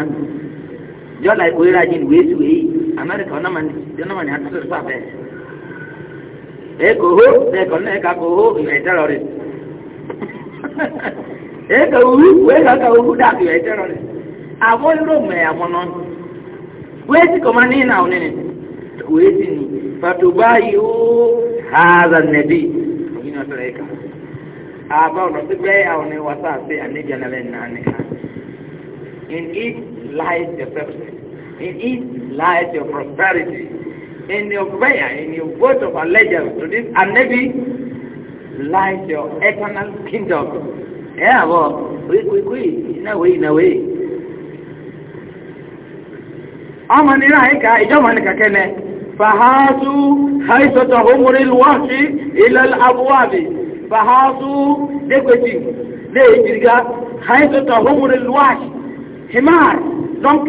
jɔ la ko we ayi ni wo esu eyi amɛrika ɔnamani ɔnamani atoro sɔrɔ abɛ ekoho n'ekɔ n'eka koho n'etɛrɔri eka owu w'eka ka owu da ka etɛrɔri avɔ yoro mɛ amɔnɔ w'esi kɔma n'ina onini w'esi ni patoba yi o haza nɛbi oyina sɔrɔ eka aba ɔnɔ ti bɛ awoni wasa ase anibia n'alɛ nnaani ka in it lies your success in it lies your prosperity. in your prayer, in your vote of allegiance to this Anabi light your eternal kingdom. Yeah, well, quick, quick, quick, in a way, in a way. أما نراهيك إجابة نكاكنة فهاتوا حيث تهمر الوحش إلى الأبواب فهاتوا حيث تهمر الوحش حمار دونك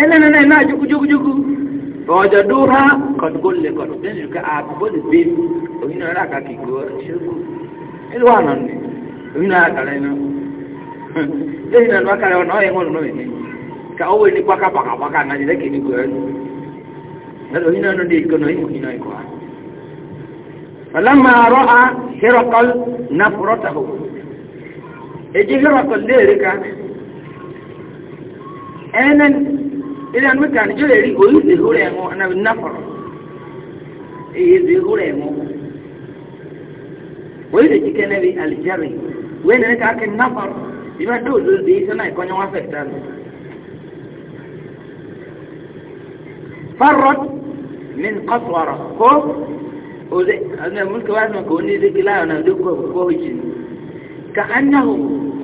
ẹlẹ́nana iná jukujukujuku ọjọ́ dúró kọ̀dùkọ́lẹ̀ kọ̀dùkọ́lẹ̀ yìí ká àbúkọ́ lè gbé oyin náà rà kàkì gbọ́ ṣẹ́kù ẹlú wà nàní oyin náà kàlẹ́ iná lẹ́yìn náà wà kàlẹ́ ọ̀nà ọ̀yẹ́ wọn lọ́wọ́ ẹ̀mí ká owó ní pákà pàkàpàkà náà jẹ́ kí ní gbọ́ ẹ̀lú ẹlú oyin náà lóde ìkọ́nà ìmọ̀ iná ikọ̀ wa. ọ̀làmà rọ́ a hẹ́rọ̀kọ́l ilé ẹnu mẹ́ta níjọ́ lè rí oyún ìdèhó rẹ̀ mọ́ anábì náfọ̀rọ̀ èyí ìdèhó rẹ̀ mọ́ oyún ìdèjì kẹ́nẹ́bí àlìjẹ́rì wẹ́n ní ká kẹ́ náfọ̀rọ̀ ìbá dóò ló dé iṣẹ́ náà ìkọ́nyẹ́ wọn fẹ̀ẹ́ tán. farrot min kọ́sọ̀rọ̀ kó òde ọ̀nà múlùkì wá sọ kò ní ìdíkì láyọ̀ náà lóko kó ìjì ka annahu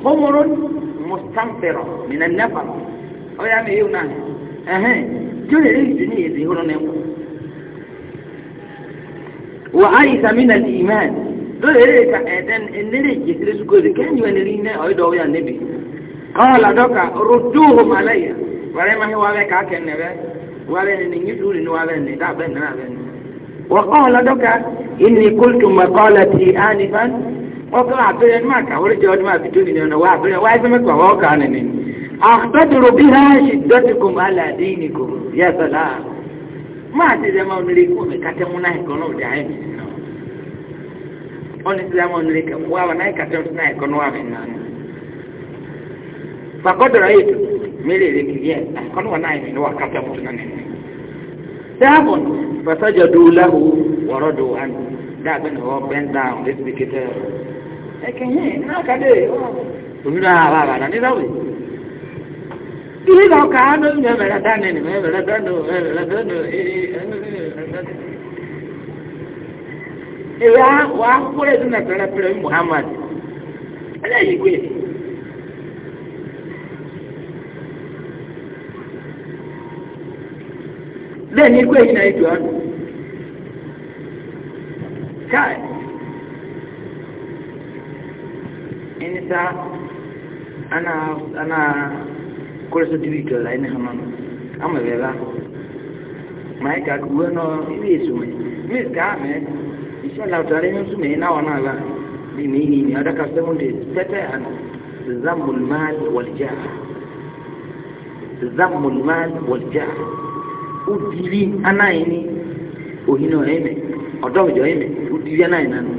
humurun mustanfiro min annafa ọ̀yà mi yóò náà ahe ti o le ri ju ni ezi o lo ne ku wa ayi sami na ti ima do le ri ka ɛdɛn enere jesere suku ezi kɛn yi wa ne ri ne ɔyi dɔ ya ne bi kɔɔ la dɔ ka rutu o ma lɛ ya wale ma he wa bɛ kaa kɛn ne bɛ wa bɛ ne ne nyi suuri ne wa bɛ ne da bɛ ne na bɛ ne wa kɔɔ la dɔ ka inni kultu ma kɔɔ la ti ani fan wa kɔɔ la abiria ne ma ka wɔle jɛ wa ne ma bi to ni ne na wa abiria wa ayi sɛ me kɔ wa ɔka ne ne. أختبر بها شدتكم على دينكم يا سلام ما تزمع نريكم كتمنا هكونا ودعين أنا تزمع نريكم وانا كتمنا هكونا وابنا فقد رأيت ملي ذكية كانوا نايمين وكتمنا ساب فسجدوا له وردوا عنه ده بن هو بين داون this big كتاب لكن هنا كده ومن هذا هذا نزوي ihe na ọka anụ mebere danị mebere danụ mebere danụ ewe ahụ akwụkwọ ezi na pere muhammad anaghị igwe then igwe yi na ịdụ ọnụ kai ịnịta ana ana kore so dibi to la ina hama ama bela mai ka ku no ibi esu mai mi ka me isa la tare ni su me na wana la bi mi ni ni ada ka se mun de tete an zambul mal wal jah zambul mal wal jah u diri anai ni ohino eme odo jo eme u diri anai nanu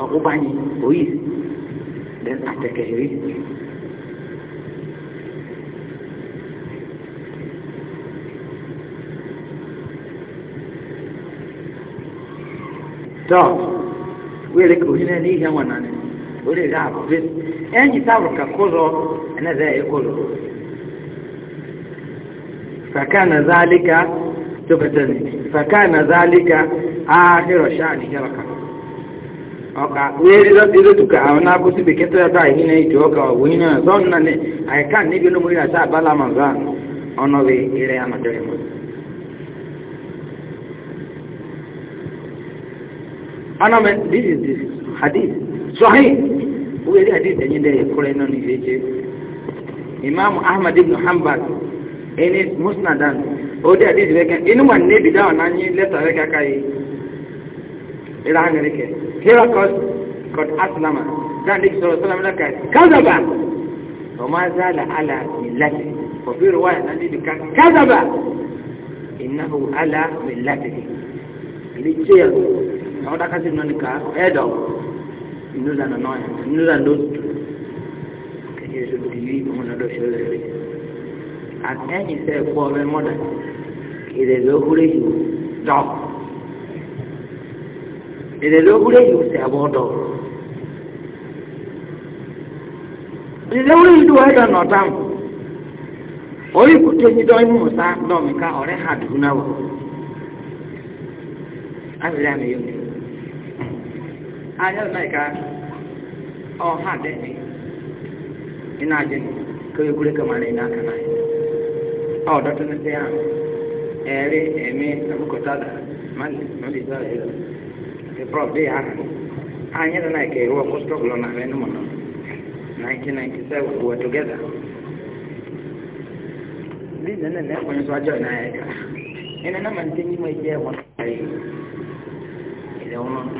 ọkụ banye oyi then atakehiri tọ́ wíìrì kò ní ní ihe wọn nàní orí ìdá àkọ́bí ẹ̀yìn táwọn kakó lọ ẹ̀nẹ́dẹ́ ẹ̀kọ́ lọ. فكان ذلك تبتني فكان ذلك آخر شأن شركه ọka wéèrè lọ́dúnrẹ́dùkà àwọn agbóṣí bèkẹ́ tó yàtọ̀ àìhínà ìjọ ọkà òwúyìn náà zọ́ọ̀nù náà àìká níbi olómọ̀rí àti àbálàmọ̀ zọ́ọ̀nù ọ̀nà wẹ̀ eré àmàdọ́rẹ̀ mọ́tò. ana me this is this hadith sahih o yẹ hadith ẹ̀yin dẹ̀ ẹ̀kọ́rẹ́ náà ní ilé jẹ́ imam ahmad ibn hanbal ẹni musnadan o oh, dẹ̀ hadith bẹ́ẹ̀ kan inú wa níbi dáwọn náà yín lẹ́tà rẹ̀ kaka yìí ìlà hàngẹ̀rẹ̀ kẹ hera kọ́s kọ́t aslama dáhùn níbi sọ̀rọ̀ sọ́lá mẹ́lẹ́ka kázàbà ọmọ azala ala milati òfin rẹ̀ wáyà náà níbi ká kázàbà ìnáwó ala milati ilé jẹ́ ẹ̀rọ ọ̀dà kásì náà nìkan ẹ̀dọ̀ inú ìlànà náà inú ìlànà ló tù kẹjẹ èso tìlí ọmọ náà lọ́sọ̀ rẹ̀ rẹ̀ àtẹ́yìn sẹ́ ẹ̀kọ́ ọ̀rẹ́ mọ́dà ìrẹ̀lẹ̀ òwúrẹ́ yìí dọ̀ ìrẹ̀lẹ̀ òwúrẹ́ yìí sẹ́ ẹ̀bọ̀ dọ̀ ìrẹ̀lẹ̀ òwúrẹ́ yìí dùn ẹ̀dọ̀ nọ̀ dáhùn orí kùtù ẹni dọ́ inú ọ̀sá dọ̀ mi ká ọ̀rẹ́ hà dùn náà wọ̀ á sì rí àmì anya na ka ọ ha dị ị na-ajụ ka egwure ka mara ị n'aka na ọ dọtụ ndị ahụ eri eme abụkọta da mmadụ ịzụ ahụ the prop dị ha anya na na ka ewu ọkụ strọgụlụ na ahụ enumụ nọ 1997 we were together ndị nne nne ekwenye sọ ajọ na ya ka ị na-ana ma ntinye ime ije ẹwọn ẹyẹ ẹyẹ ọhụrụ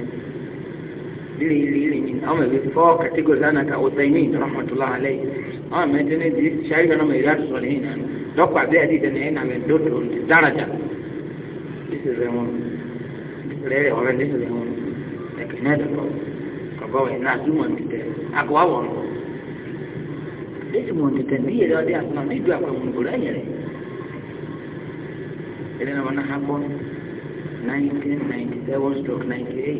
diri ili ili ni ama vifaa katika zana ka Uthaymeen rahmatullah alayhi ama tena di shairi na mairatu salihin doko abi hadi tena na mdoto daraja hizi zemo lele wala ndizo zemo lakini ndio kwa kwa ina juma mtete ako wao ndizo mtete ndiye ndio ndio kuna ndio kwa mbulanya ile na maana hapo 1997 stroke 98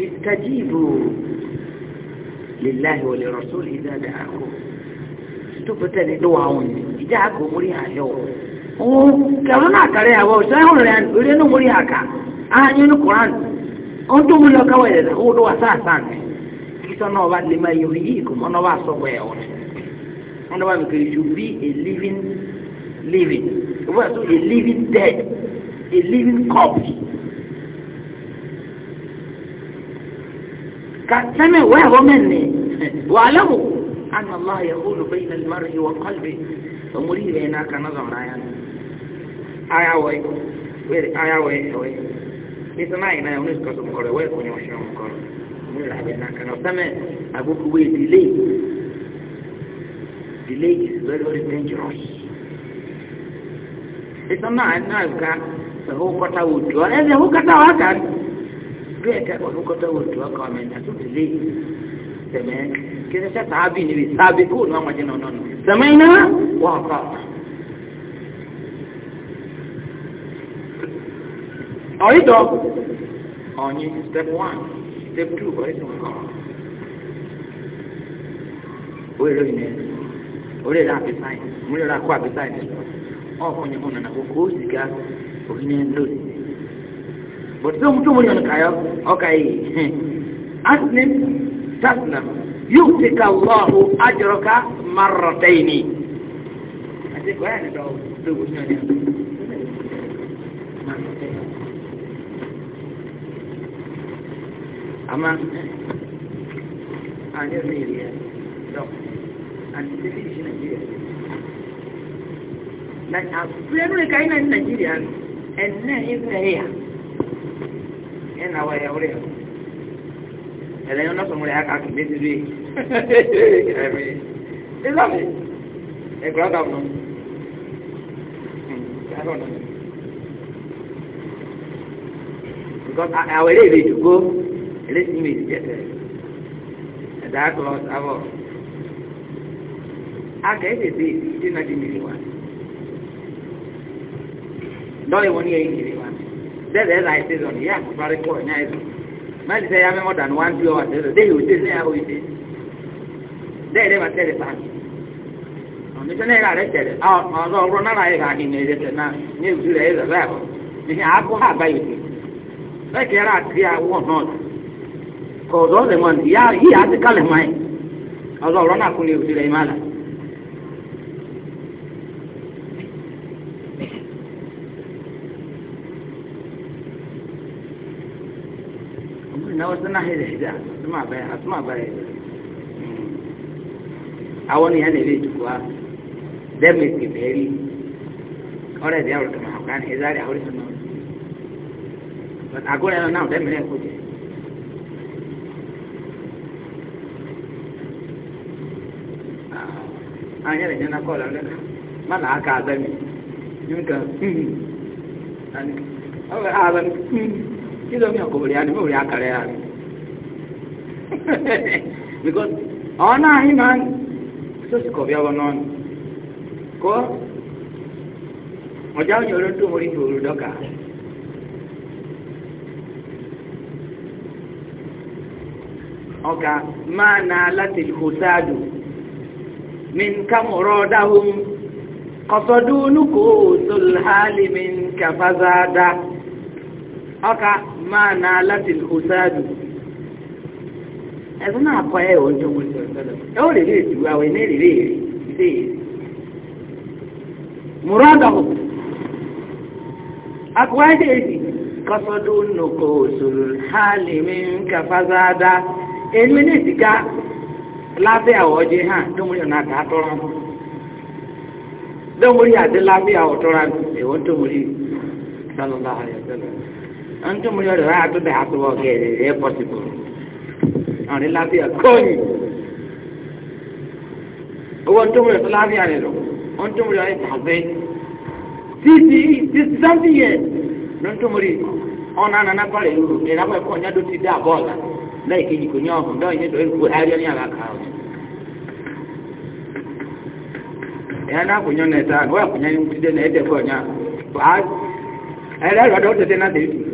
استجيبوا لله ولرسول إذا دعاكم تبتل دعاون إجاكم مريها يوم kẹrùnà àkàrẹ àwọn òṣèrìn rẹ̀ ìrìnà mórí àkà ààyínú koran ó tó mú lọ́kọ́wọ́ ẹ̀rẹ̀ ó lọ́wọ́ sáàsán kíkọ́ náà wá lè máa yọrí yìí kò mọ́nà wá sọ́wọ́ ẹ̀ ọ̀rẹ́ wọ́n náà wá mi kiri should be a living living wọ́n sọ a living dead a living corpse كسمع وهو مني واعلموا أن الله يقول بين المرء والقلب ومريه بينك نظم عيان آية وي آية وي وي بسمعي ما يونس كسم كره ويكون يوشيهم كره من لعبينك نظم أبوك وي delay delay is very very dangerous ما أنه يبقى فهو قطع وجوه إذا هو قطع وكذا great ẹ̀kọ́ fún kọ́tọ́ wò tó ọkọ̀ ọmọ ẹ̀dá tó fi lé tẹ̀mẹ́ kí ṣe sàábì níbi sàábì kúrò ní ọmọdé náà nọ́nù tẹ̀mẹ́ iná wà ọ̀pá. ọ̀yídọ̀ ọ̀yin step one step two ọ̀yídọ̀ ọ̀rọ̀ orí ló yìí nẹ́ẹ̀ orí ẹ̀rọ àbí sáyẹ̀nsì mú ẹ̀rọ àkọ́ àbí sáyẹ̀nsì ọ̀kùnrin mú nana kókó ó sì ga òfin ẹ̀ lónìí bọ̀dé mutum yẹn kàyọ ọkà yìí aslim taslam yóò ti ka lọ́ọ̀hù ajọ́rọ̀ká marọ̀tẹ́yìn ni. àti kọ́yà ni dọ̀ọ́ lóògùn sí ọ̀dẹ́. àmà àní ọ̀sẹ̀ yìí rẹ̀ dọ̀ àti tẹ́lẹ̀ yìí ina wa ya wuri ẹlẹ yẹn lọsọ múlẹ aka kì méjì bíi ẹmí ìlànà ẹgbẹ́ ọ̀gá ọ̀nà because àwọn eré ìlú ìdúgbò eré tí mi ìdíjẹ tẹ ẹ̀dá kọ́ sábọ̀ akẹ́kẹ̀ẹ́ bíi ìdí náà di mi wọn ní ẹ̀yìn ìrìn dẹ́rẹ́ ẹ̀la ẹ̀sẹ̀ lọ́nà yá àkùbárí kọ́ ẹ̀yà ẹ̀sẹ̀ mẹ́rin sẹ́yà mẹ́mọ́ dànù wá ń bí ọ àtẹ́rẹ́ dé yóò dé sẹ́yà òye dé dẹ́rẹ́ bá tẹ́rẹ̀ pa ọ̀nìṣẹ́lẹ̀ ẹ̀la rẹ̀ tẹ̀rẹ̀ ọ̀rọ̀ ọ̀rọ̀ náírà ẹ̀la ìnà ẹ̀rẹ̀ tẹ̀ náà ní ìlú rẹ̀ ẹ̀la rẹ̀ ọ̀ nìyẹn akọ ha báyìí dé bẹ́ẹ̀ kẹ́rẹ́ àti àwọn náà kọ̀ọ̀dọ̀ ọ̀rẹ́ mọ́ na wasu na haida hida su ma bayan a su ma bayan a wani yana zai tukuwa dan mai kiferi kawai da yawon kama hauka ne ya zari a wurin sunan a gona yana nan dan mai ne kuje an yana yana kola lana mana haka a zami yin ka a zami Hizo mimi akubuliani mimi uliakale yani. Because ona himan sisi ko bya wonon. Ko ọjà yọrọ tó mori yòrò dọ́kà. Ọkà máa na láti hùsáàdù min kàmùrọ̀ dáhùn kọ̀sọ̀dún nùkó sọ̀lhálì min kàfàzádà. Ọkà. Okay. máa na láti ọ̀sáàdù ẹ̀fọn náà kọ́ ẹ̀ ọjọ́ wọn sọ sọ́dọ̀ ẹ̀ ó lè rí ètò àwọn ẹ̀ná ìrírí ìdí èyí. mùrọ̀dọ̀ àkùwádìí èsì kọ́sọ́dún nùkọ̀ òṣòro hálìmí kàfázádá èmi ní ìsìká lábẹ́ àwọ̀ ọjẹ́ hàn dómúrí ọ̀nà àtàtọ́ra dómúrí àti lábẹ́ àwọ̀ sálọ́lá anto mo yore ra to de ato wo ke e possible ani la ti akoni o anto mo to la bi ani lo anto mo yore ta be ti ti ti santi ye anto mo ri ona na na pare lu e na ko ko ti da bola na ke ni ko nya ho ndo ye do en ko ari ani ala ka ya na ko nya na ta wa ko ti de na e de ko nya náà tẹ́tẹ́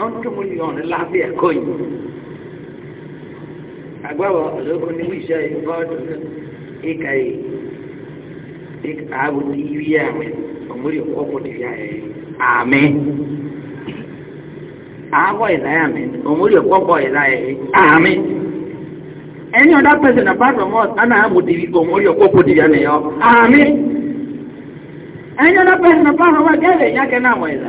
na mo yọ̀ e ní lábẹ́ ẹ̀kọ́ yìí agbáwọ̀ ọ̀dọ́kùn ní wíṣẹ́ ìfọ́ọ̀dù ìka yìí ààbò ní ibi àmì ọ̀múrì ọ̀pọ̀ ní ibi àmì ààbọ̀ ìláyà mi ọ̀múrì ọ̀pọ̀ ìláyà àmì any other person apart from us ana amotiri omori okoko dibia na yo ami any other person apart from us gele yake na moiza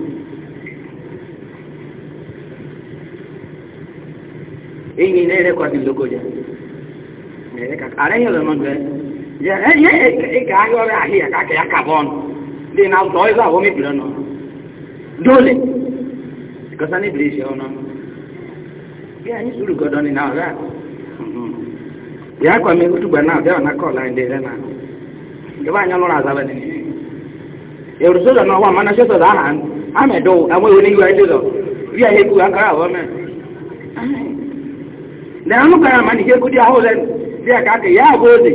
Eyi ne yɛrɛ kɔdi loko jɛ. Ne yɛrɛ ka ara yɛrɛ lɛ mɔdɛ. Yɛ ɛ yɛ ɛ ka ayɔ bɛ ahi yɛ k'a kɛ ya kabɔn. De na tɔ yi b'a wɔ mi bilɔ nɔ. Dole. Kɔsa ne bili sɛ ɔnɔ. Yɛ anyi suru gɔdɔ ni na ɔbɛ. Yɛ akɔ mi na ɔbɛ ɔna na. Yɛ b'a nyɔ lɔrɔ azabɛ ni. Èrùsọ̀dọ̀ náà wà mọ́ná sọ́sọ̀ dáhà. Àmì ẹ̀dọ́ àwọn ìwé ni yóò ẹ̀dẹ́ lọ. Bí ẹ̀yẹ kú na anu kara ma ni ke kudi aho len bi aka ke ya go de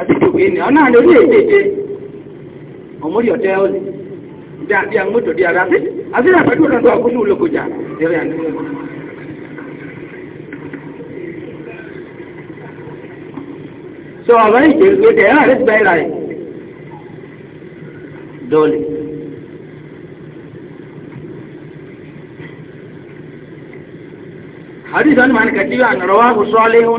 ati to ke ni ona le le te te omori ote o le da bi an moto di ara ti ati na pẹ̀lú ran do agun ni oloko ja ere an so abai حديث عن معنى كثير عن رواه صالح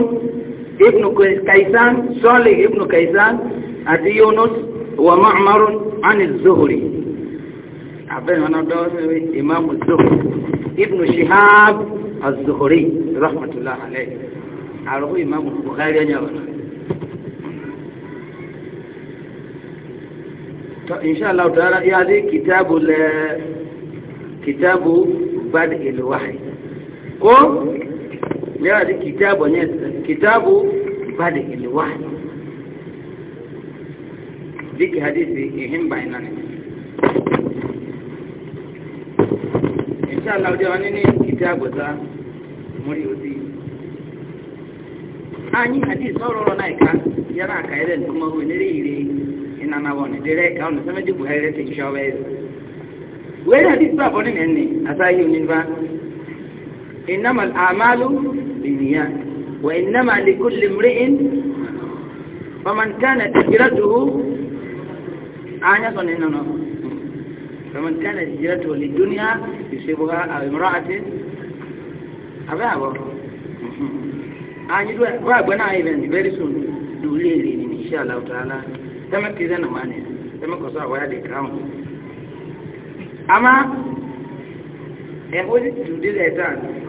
ابن كيسان صالح ابن كيسان أتي يونس ومعمر عن الزهري عبدالله أنا دوس إمام الزهري ابن شهاب الزهري رحمة الله عليه عرفوا إمام البخاري يا يعني طيب، إن شاء الله تعالى يعني كتاب كتاب بدء الوحي ko yana da kitabu ne kitabu bada ilwahi diki hadisi ihin bayanan insha Allah da wani ne kitabu ta muri uti anyi hadisi sauraro na ika yana ka kuma ne rire ina na wani dire ka wani sama di buhari ta insha Allah wai hadisi ba ne ba إنما الأعمال بالنيات وإنما لكل امرئ فمن كانت هجرته آية إننا فمن كانت هجرته للدنيا يصيبها أو امرأة أبابا آية وابنا أيضا very soon دوليلي إن شاء الله تعالى تم كذا نمانيا تم قصة ويادي كرام أما أقول تودي الإعتاد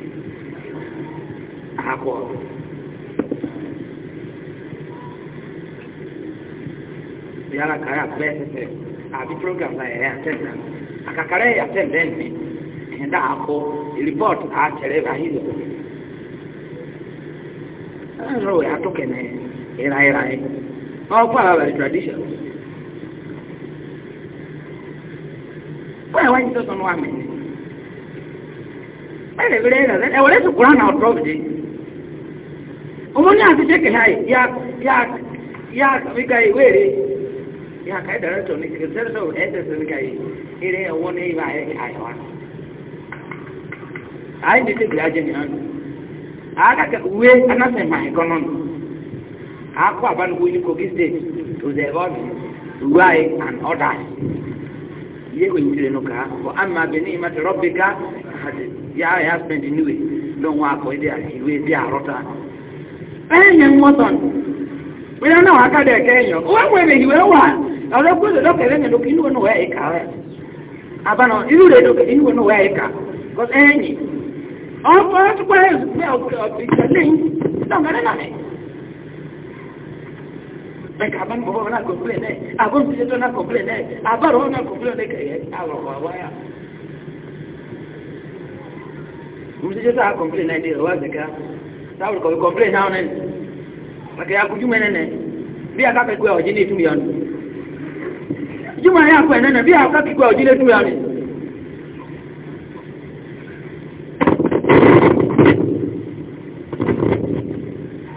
àkọ́ yàrá kàrà bẹ́ẹ̀ tẹ́tẹ́ àbí program náà ẹ̀yà tẹ́tẹ́ àkàkàrà ẹ̀yà tẹ́tẹ́ ní ẹ̀dá àkọ́ rìpọ́ọ̀tù àtẹ̀rẹ́ ìbáyé lọ. ẹ̀rọ ìyàtọ̀ kẹ̀mẹ́ ìrà ìrà ẹ̀ ọkọ̀ àwọn ẹ̀rọ tradition. wọ́n yà wáyé tó sọnù wà mí. ẹ̀rẹ̀ ìbílẹ̀ ẹ̀rẹ̀ ẹ̀wọ̀lẹ́sì kúránà ọ̀dọ́ umarni a fice ka ya sami gaye were ya kai da rato ne kirtar sau da yadda sun gaye ire ya wani ba a yi aka ka uwe a nasa ma ikonon a kwa ban to the body why and others yego nyire no amma ya ya don wa ko ide a enye mmọtọn wíyá náà wà á kádà ẹ̀kẹ́ ẹ̀yọ wọ́n wẹ̀rẹ̀ ìwé wà ọ̀rọ̀ gbọ́dọ̀ lọ́kẹ̀rẹ́ ẹ̀yọ lókè inú wọn wẹ̀ ẹ̀ka rẹ̀ àbànà inú rẹ̀ lókè inú wọn wẹ̀ ẹ̀ka kọ́ ẹ̀yìn ọ̀pọ̀ ọ̀túpọ̀ ìṣẹ̀lẹ̀ ìṣẹ̀lẹ̀ náà Like abang bawa nak komplain eh, abang tu tu nak komplain sáwọn kò complain náà nẹ́ni pàtẹ́ akujú mẹ́rin nẹ́ bí akáfẹ́ gbé ọ̀jí ní ìtumìyàn nù jùmọ̀ ní àpẹ́ nẹ́nẹ̀ bí akáfẹ́ gbé ọ̀jí ní ìtumìyàn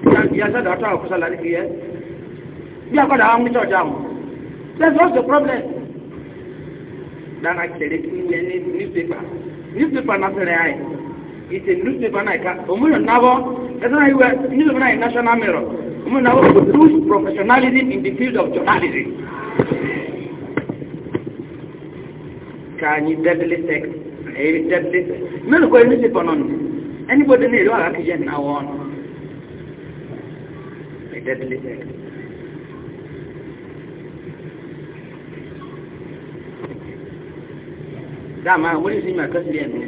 nù ìyásẹ́dọ̀ àtọ́ àkọsọ lálẹ́ kìí ẹ́ bí akọ́dà àwọn mítọ̀ ọjà wọn that's what's the problem dára kẹrẹ kí ní ẹni newspaper newspaper náà fẹ́rẹ̀ ayé ìtẹ̀ newspaper náà ìka òmùyàn náà bọ́ That's why we are using a national mirror. We I mean, now produce professionalism in the field of journalism. Can you deadly sex? Hey, deadly sex. Mẹ́rin kọ́ ẹni sípò náà nù. Anybody ní ìlú àkàkíyẹ ní àwọn ọ̀nà. A deadly sex. Dáàmà, wọ́n ní sí mi àkọsílẹ̀ mi.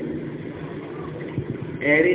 Ẹ̀rí.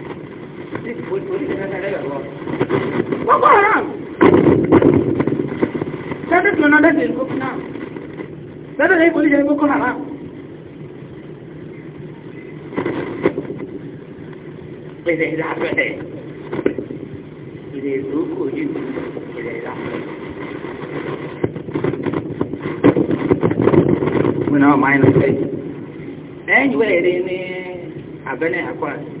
Boko Haram. Sasa tunaona ndio Boko Haram. Sasa hii polisi ni Boko Haram. Ile ile hapo. Ile ruko juu. Ile ile hapo. Mwana wa mine. Eh, ni abene akwani.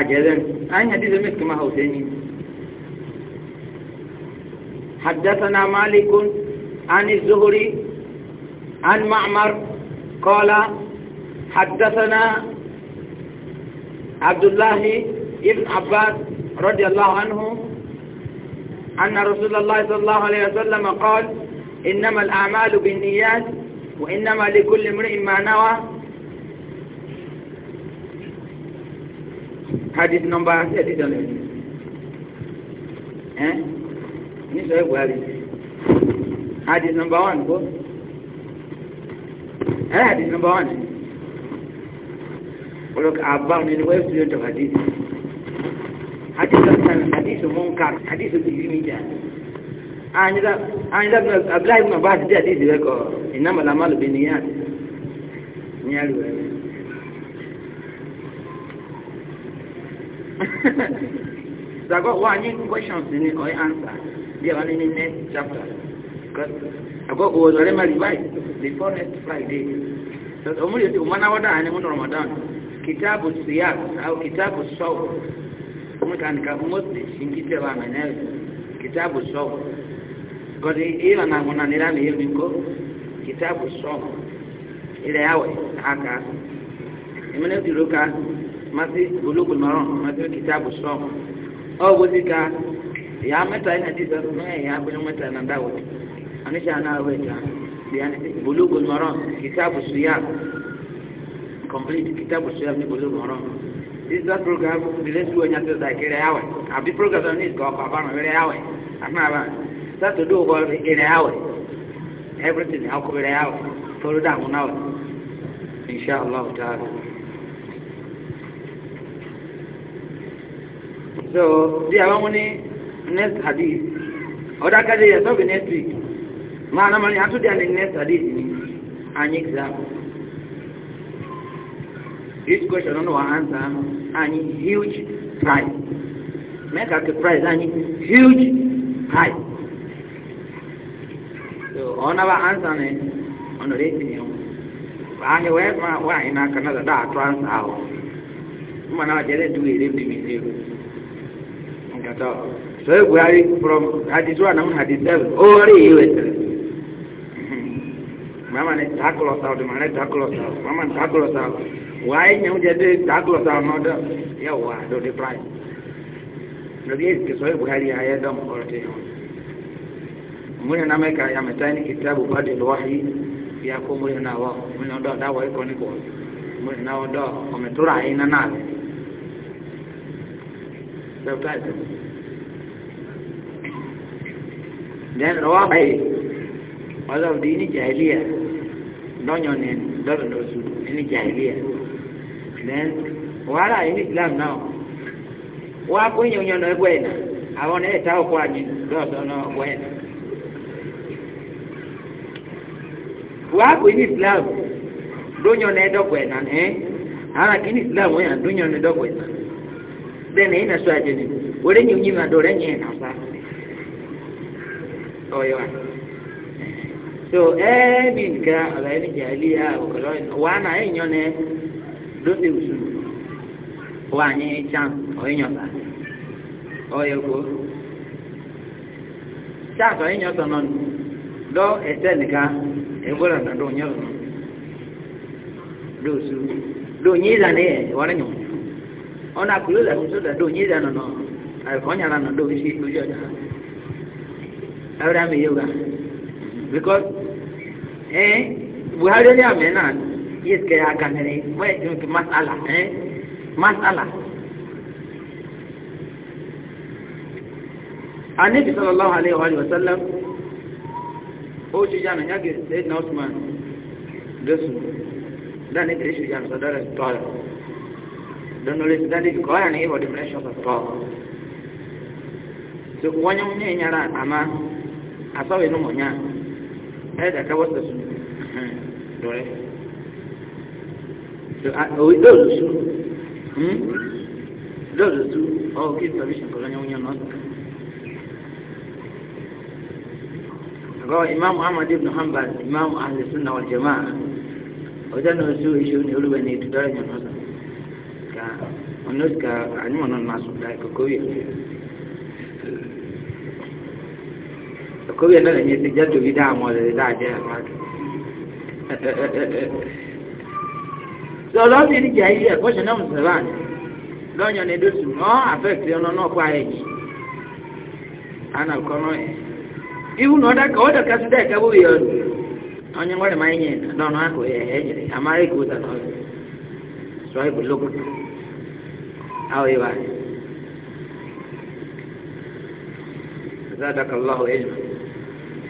لا أين حديث المسك ما هو سيني حدثنا مالك عن الزهري عن معمر قال حدثنا عبد الله ابن عباس رضي الله عنه أن رسول الله صلى الله عليه وسلم قال إنما الأعمال بالنيات وإنما لكل امرئ ما نوى hadith number thirty dọ̀nà ẹ̀ nísọ̀ ẹ̀ buhari hadith number one kó ẹ̀ hadith number one olùkọ́ àbáwọn ẹni wọ́n fi ọjọ́ hadith hadith ọ̀sán hadith munkar hadith bìbí mi jà àyìnlá abdullahi ibn abbas dé hadith rẹ kọ ìnámọ̀lá malu bẹ̀ níyàtì níyàtì rẹ. so I got one new questions in answer. They are in next chapter. Because I got was oh, already revised before next Friday. So only one wada and one Ramadan. Kitabu Siyam au Kitabu Saw. Umekanika mmoja shingite wa maneno. Kitabu Saw. Because ile na mwana nilani hiyo niko Kitabu Saw. Ile yawe aka Imene diruka masi bulugul maram masi kitabu sọ ọgwụ dịka ya mẹta ina ti sọrọ mẹ ya bẹrẹ mẹta na da wọlé anisa ana awọ ẹja yanni bulugul maram kitabu suya complete kitabu suya ni bulugul maram isa program bile suwa nya tẹ sa kiri awẹ abi program ni ka ọkọ abama wẹrẹ awẹ ama ba saturday ọkọ kiri awẹ everything ọkọ wẹrẹ awẹ tọrọ dààmú náà inshallah taala. So, they are only next hadith. Oda kaje ya sobe next week. Maana mali hatu dia next hadith ni. anyi example. This question on our answer anyi huge price. Make up price anyi huge price. So on our answer ni on the rating. Wanye wewe wa ina kana da transfer. Mwana wajele tu ile bibi sọyìn buhari from hadith one and hadith seven ó rí iye wẹ̀ tẹ̀lé mama ni takulọ sa ọdún mama ni takulọ sa ọdún mama ni takulọ sa ọdún wàá nyẹ̀wò jẹ́ dé takulọ sa ọdún ọdún yẹ wà á dòde price lórí èyí ti sọyìn buhari ayé dán ọ̀rọ̀ tẹ̀ yẹn mo yẹn nàmẹ́ ka yàmẹ̀tá ní kìtàbù bá dé lọ́wọ́ yìí bí a kó mo yẹn náà wọ mo yẹn dọ̀ dáwọ̀ ikọ̀ ní bọ̀ọ̀lù mo yẹn náà wọ dọ̀ ọ̀mẹ̀tọ́rọ̀ ayé náà then rawabai wala di ini jahiliya donyo ni dodo dosu ini jahiliya then wala ini islam now wa ko nyonyo no ebwena awon e tawo kwa nyi dodo no bwena wa ko ini islam donyo ne dokwena ne ara kini islam wa donyo ne dokwena then ina swaje ni wore nyonyi ma dore nyi na sa ọ̀yọ́ so ẹ̀ẹ́dì nǹkan ọ̀rọ̀ ẹni jẹ́ ilé ya ọ̀kọ̀lọ́ wàá nà ẹ̀yàn náà lóde òsù wà ní chan ọ̀yàn bá ọ̀yọ̀ kó chan ọ̀yàn sọ̀nà lọ ẹ̀tẹ́ nìkan ẹ̀gbọ́dọ̀ nà lọ ọ̀yàn sọ̀nà lóòsù lóòyìn ìlànà ẹ̀ wọ́n yàn ọ̀nà àkùlé lẹ́kùn sódà lóòyìn ìlànà náà àìkọ́nyàrá nà lóòsì lójú ọ̀dà náà awura mi yewura because eh buhari ni ame na yes kɛ aganere wɛ nti masala eh masala anabi sallallahu alayhi wa sallam o shuja na nyage sayyid na usman dosu dan ne kire shuja na sadara tɔla don no lesu dan ne kɔya ne ewa dimina shɔfa tɔ so wɔnyɛ mu nyɛ nyara ama. asawe no mɔnya ɛyɛ kaka wɔ sɛso dɔrɛ so a su hmm dɔɔso su ɔɔ kí sɔbisi kɔlɔ nyɛ wonyɛ nɔɔso abawo imaamu ahmed ibn hanbal imaamu ahmed sunna wa jamaa na osu isu ni olu bɛ ne dɔrɛ nyɛ nɔɔso ka na da koko kóbi ẹ̀nà lẹ́yìn ti jẹ́ tòbí dá àmọ́ rẹ̀ dá jẹ́ àmọ́ rẹ̀. lọ́lọ́ ti di jà ẹ̀kọ́ ṣe náà mùsùlùmá ni lọ́yàn ni dóṣù mọ́ àfẹ́ẹ̀tì ọ̀nà náà kọ́ ayé yìí àná kọ́ náà yẹn. ihu na ọ̀dà kọ́ ọ̀dà kásí dá ẹ̀ka bóbi ọ̀dù onye nwere ma ihe n'ọnụ ahụ ya enyere amara ka ụda n'ọdụ sọ ibu lokoto ahụ ịwa zadaka allahu ilmu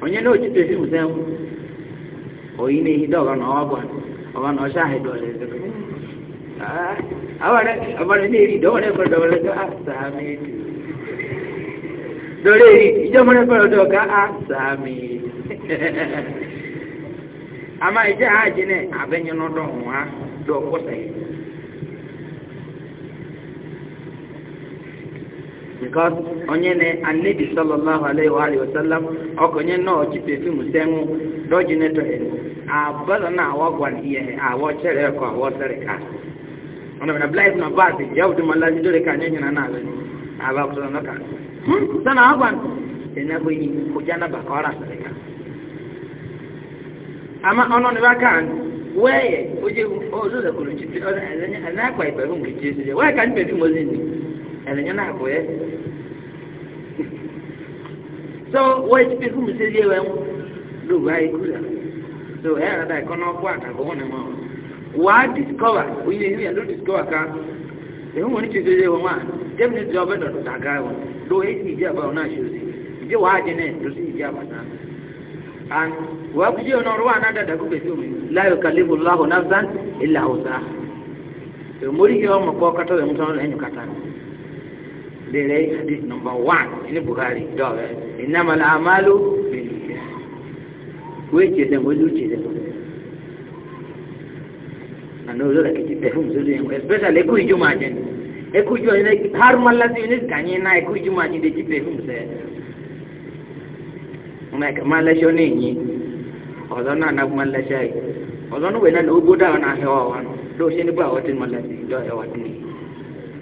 onye na ezi tezi muse oyi na ehi dọga na ọgwa ọba na ọsha ahụ dọrọ ezo abara na-eri dọwara ekwere dọwara ah, ezo asami dọrọ eri ije mara ekwere dọga asami ah, ama ije ha ji na abenye n'ọdọ nwa dọkwụsa ezo because onye na anabi sallallahu alaihi wa alihi wasallam ọkọ onye na ọchị pefum senwu dọji neto hen abala na awa chere ko awa sere ka ona na blai na basi ya udu malaji dole ka nyenye na nawe aba kutoka naka hmm sana agwan bo yi ka ama ono ne bakan weye oje ozo da chipi ona ana kwa weye ẹ̀rẹ̀yẹ́ náà bọ̀ ẹ́. so wọ́n ti fi fún mi sí ilé ẹ̀ wọ́n lóògùn ayé kúrò so ẹ̀ rẹ̀ dà ẹ̀kọ́ náà kó àtàkọ́ wọn mọ́ wàá discover oyè yìí ló discover ká èmi wọn ní ti fèrè wọn wá jẹ́mi ní ti ọbẹ̀ dọ̀tọ̀ tàgá wọn ló èyí ti ìjẹ́ àbáwọn náà ṣe òsì ìjẹ́ wàá jẹ náà ló sì ìjẹ́ àbá náà and wàá kú jẹ́ ọ̀nà ọ̀rọ̀ wà náà dàdàkú pèsè omi láyọ̀ kàlẹ́ bọ̀ lọ́wọ́ náà zan ìlà ọ̀sà èmórí yẹ ọmọ kọ́ kátó ẹ̀ lere hadith number one in Bukhari dɔbɛ eh? inama la amalu beniya wee tse dɛm wee lu tse dɛm ana o lora kete tɛ fún musozo yẹn especially eku ijo ma jɛ eku ijo yɛn haruma lati ne ka nye na eku ijo ma jɛ de ti tɛ fún muso yɛ mɛ kama lɛsɛ ne nyi ɔzɔ na na kuma lɛsɛ yi ɔzɔ ne wɛ na na o gbódà ɔna hɛ wa wa do se ne bó awɔ ti ma lati dɔ hɛ wa ti ne yi.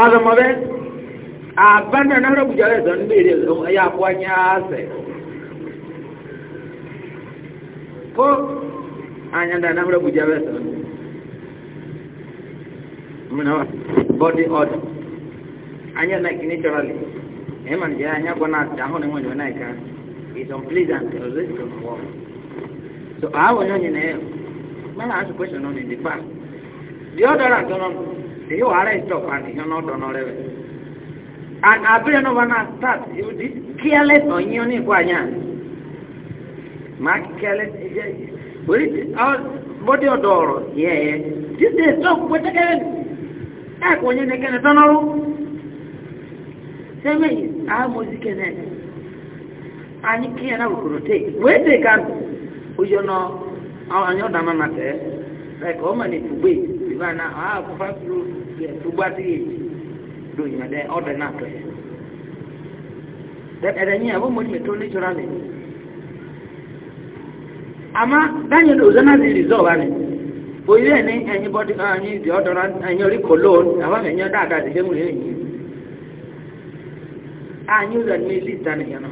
Ọ̀dọ̀ mọ̀ bẹ́, àbánà náà rọ̀bùjọ́ rẹ̀ sọ nílé èrè ìlú ẹ̀yà àpọ̀nyá àṣẹ. Kó àyàndà náà rọ̀bùjọ́ rẹ̀ sọ nílé. Mìíràn bọ́dí ọ̀dọ̀. Anya náà kì ní tọ́rọ̀lì. Ẹ anya gbọ́n náà dáhùn ní wọ́n náà ká. It's unpleasant to always come So àwọn yóò nyina ẹ̀. Mọ́nà ask question on in the past. The other one, èyí wà rẹ̀ ìjọ pa nìyẹn náà dọ̀nà rẹ̀ and start you be careless ọ̀yìn oní ìkó àyà máa careless ẹ̀jẹ̀ orí bọ́dí ọ̀dọ̀ ọ̀rọ̀ yẹ day talk pẹ̀lú onye na-eke na nìkan sebe sẹ́mi àmọ́sí kẹ́nẹ̀ anyị kìí náà kúrò tẹ̀ wẹ́ẹ́ tẹ̀ ọ na ba na a ko fa su to ba ti do nya de order na to da da ni abu mun to ni jira ne ama danyo do zana di result ba ne o ile ni ẹyin body ẹyin di order ẹyin ori cologne àwọn ẹyin da da de mu le yin anyi ụzọ ni lita na yana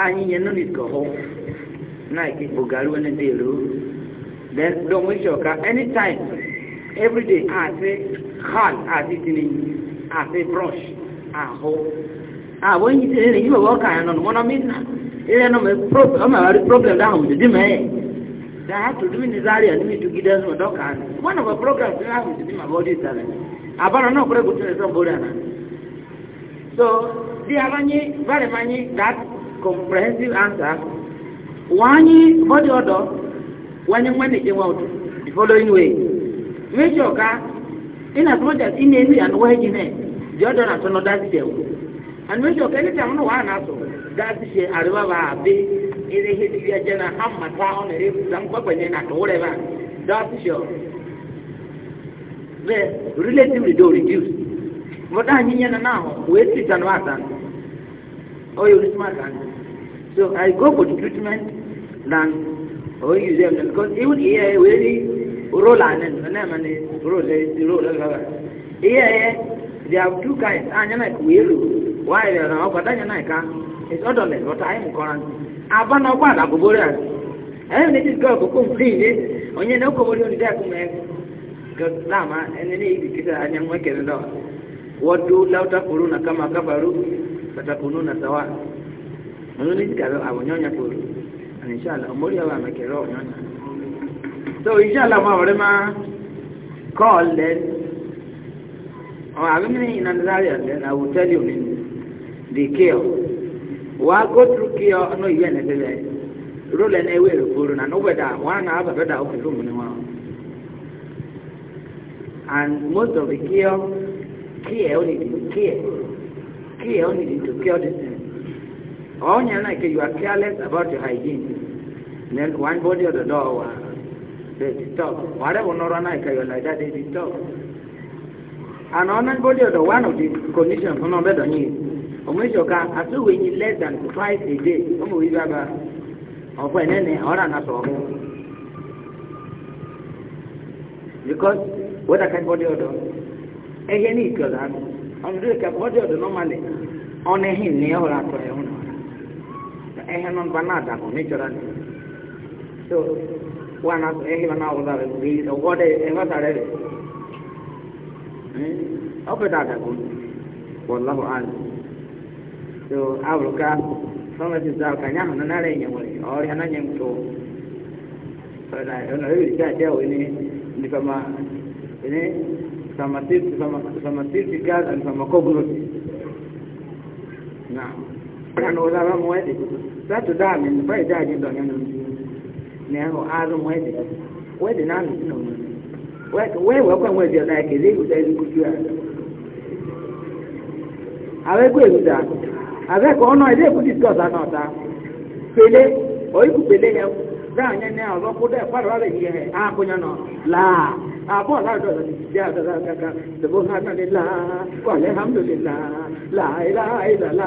anyi yana ni kọhọ na ike bugari wani dị elu then don wish ọka anytime everyday àti hall àti kìnnì àti brush àhó àwọn yìí ti rìn yìí bọ̀ wọ́n kà ẹ̀ nọ wọn mi nà ilé ẹnu mi ọmọ àwọn problem dáhùn dídí mẹ́ ẹ̀ dáhà tó dúmí ní sáré ẹ̀ níbi ìtúgídé ẹ̀sùn ọ̀dọ́ kà ní one of the programs ní àwọn dídí mà bọ́ọ̀dì ìsàlẹ̀ àbára náà kúrẹ́ kò tún ẹ̀ sọ́n bórí àná so bí a bá yín báyìí máa that comprehensive answer wọ́n á yín bọ́ọ̀dì ọ̀dọ́ wọ́n á yín wọ́n ní ìjẹun ọ̀dọ́ the following way méjì ọ̀ka ina tó dẹ̀ ina enu yà nọwọ́ ẹ̀jì náà di ọ̀dọ́ nà tó nọ dá sísẹ̀ wò àná méjì ọ̀ka ẹni tẹ̀ ọ̀nà wà á nà sọ dá sísẹ̀ àríwá bá a bẹ ẹni hẹ́bi bí ẹjẹ náà hàn màtá ọ̀nà rẹ̀ sàn kọ́kọ́ ní nà tó wúrẹ̀ bá dá sísẹ̀ ọ̀ relatively do reduce mọ̀tá ànyìnyẹn náà náà we ti tàn wá tàn ọ̀ yẹ onísùmá tàn so i go for the treatment than or yẹ use them because even here wẹ́ẹ́rì roll and then and then and roll the la the yeah ye they have two kinds and you like we roll why they are not but then you like it's odorless What I am current na kwa la kubora eh ne this girl ko complete onye na ko bori nda ku me kama ene ni kisa anyamwe kendo wadu lauta kuruna kama kafaru na sawa Mwenye ni karo abonyonya kuru. Inshallah, umuri aba mekero onyonya. tó iṣẹ́ àlàmọ́ ọ̀rẹ́ máa kọ́ ọ lẹ́nu ọ̀rọ̀ àmìnirin yìí náà lárí ọ̀lẹ́ náà wò tẹ́lẹ̀ omi nù dè kí ọ wà á gòtú kí ọ ọ̀nà ìyẹn nìbí lẹ rólẹ̀ náà ewé rẹ̀ kúrò náà níwọ̀n dà wọn náà bàbá dà òkè lómi ni wọn. and most of the kí ọ kí ẹ ó nìdí kí ẹ kí ẹ ó nìdí tó kí ọ dín sẹ́yìn ọ̀ọ́nyẹn náà kí you are careless about your hygiene then one body of the door wà. Uh, disturb. Whatever Norana is like that, they disturb. And on that body of one of the conditions, no better than you. Omejoka, after we need less than twice a day, Omo Izaba, or when any other national. Because what I can body order, again, it goes on. On the body order normally, on a hill near or after a one. Ehenon banana, on nature. So, wa eh, eh, na ehi ma na ọrụ dara ebe ihe ọgwọ dị ebe dara ebe ọ bụ dada bụ wallahu ala so abụrụka sọmọsi zaa ka nyaahụ na narị enye nwere ọrịa na nye m tụ ọrịa ọrịa ebi dị adị ọwụ ne nifama ne famasiti gas and famakoglosi na ọrịa na ụzọ ara m wee dị satọdee a mi nfa ịdị adị dọ ya n'ozi na ahụ arụ wee dị wee na onwe wee wekwa nwe dị ọda ekele ịhụta ezigboju ya awekwa ehuta awekwa ọnụ ede ekwu diskọs anọ ọta pele oyiku pele ya daa nye ne ọzọ kwụ dee kwadọ ọrụ ihe akụnya nọ laa abọ́ aládọ̀ dáadáa kankan subhanallah la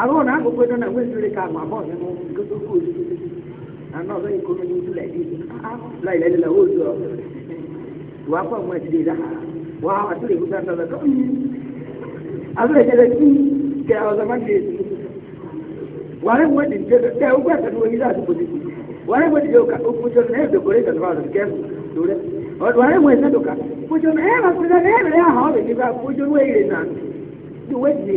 àwọn ọ̀nà àgbègbè náà náà wíṣọ lè ka àmọ́ àbọ̀ ọ̀nà mọ́ nǹkan tó kú òṣù tó àná ọ̀rẹ́ yìí kó ló ní ojú láìdí láìlẹ́ ní làwọn oṣù ọ̀ wàá pọ̀ mọ́ ẹ̀dídé dá wà á àtúrò ìlú gbà náà kọ́ àtúrò ìṣẹ̀lẹ̀ kí kẹ ọ̀sán má dé wàá rẹ̀ wọ́n ti jẹ́ ẹ̀ ọgbà tẹ̀lé wọn yíyá àdúgbò ti wàá rẹ̀ wọ́n ti jẹ́ òkújọ́ náà ẹ̀ dẹ̀kọ̀rẹ́ ni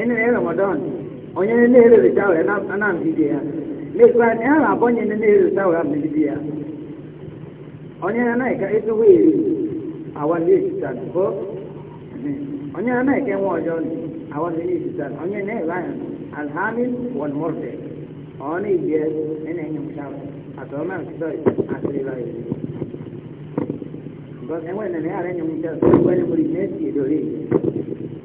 ene ne ramadan onye na-ere ritawe na ya mekwa na ha na-abụ onye na-ere ritawe na ya onye na-anaghịka ịtụwa eri awa ndị esitan bụ onye na-anaghịka enwe ọjọọ awa ndị esitan onye na-ere anya alhamil wal ọ na-eji na-enye atọ nkịta eri because enwere na ya enye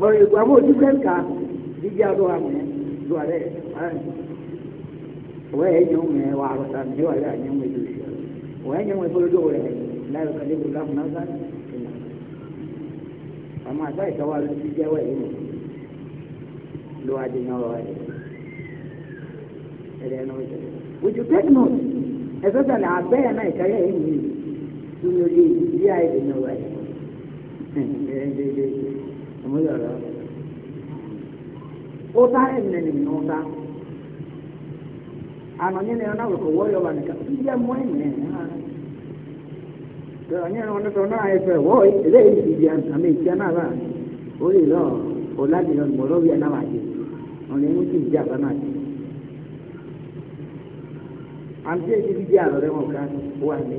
bọ̀rọ̀ ìgbà mọ́ ojú kẹ́ńkà jíjí àdó àmì ìlú àrẹ wọ́n yẹ ẹ̀yẹ́ wọn wà àrùtà ní wà lẹ́ àyẹ̀wò ìlú ìṣẹ́ wọ́n ẹ̀yẹ́ wọn ìfọlódó rẹ̀ láyọ̀ kàlẹ́ ìlú láfún náà sáré àmọ́ àtà ìtawà ló ti jẹ́wọ́ yìí nù ló wá di náà wáyé ẹ̀rẹ́ náà wọ́n ṣẹlẹ̀. would you take note ẹ̀sọ́ sọ̀rọ̀ àbẹ́ yẹn náà tún lórí ìdí àìdè náà wáyé. ọmọ yàrá ọta ẹnẹ ni nyina ọta anọnye na ẹna wọkọ wọyọ ba nika ndị mmụọ ẹnẹ ha onye na ọnụ tọ na ayọ fẹ wọ ẹdẹ ẹyẹ ti bia ama etia na ala oyi lọ ọla di lọ mọlọ wia na wàdí ọnà ẹnu ti bia ba na adi àti ẹyẹ ti bia lọ rẹ wọn ká wà ní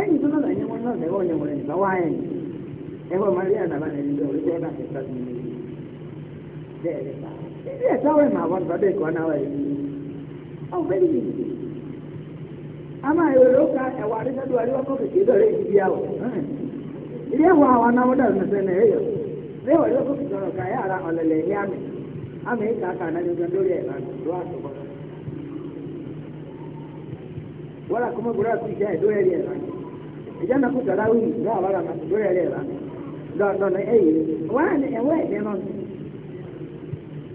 ẹ̀yìn tó lọ́nà ẹ̀yìn wọn náà lẹ́wọ́ ẹ̀yìn wọn ẹ̀yìn lọ́wọ́ ẹ̀yìn ẹ̀wọ́ máa rí àdàbà ẹ̀yìn lọ́wọ́ ẹ̀yìn bá ti sọ́ọ̀tì nínú ẹ̀yìn bẹ́ẹ̀ ẹ̀ta wẹ̀ máa wọ́n bàbá ẹ̀kọ́ náà wà ẹ̀yìn ọ̀gbẹ́ ni yìí ama ìròyìn ó ka ẹ̀wà àríṣẹ́dù àríwá kọ́ kèké dọ̀rẹ́ ìdíbi àwọ̀ ilé ẹ̀wọ̀ àwọn anáwọ́dà ọ̀nàṣẹ́ náà ẹ̀yọ̀ léwọ̀ àríwá kọ́ kèké ọ̀rọ̀ ká yàrá ọ̀lẹ̀lẹ̀ ní àmì àmì ìka ká náà nìkan lórí ẹ̀ lọ́wọ́ àti ìjà ìdó ẹ̀rí ẹ̀ lọ́wọ́ ìjọ náà kó tọ́lá wí ìjọ àbára máa ti lórí ẹ̀rẹ́ rà lọ́nà ẹ̀yẹ wọ́n á ní ẹ̀wọ́ ẹ̀dẹ́ náà ní.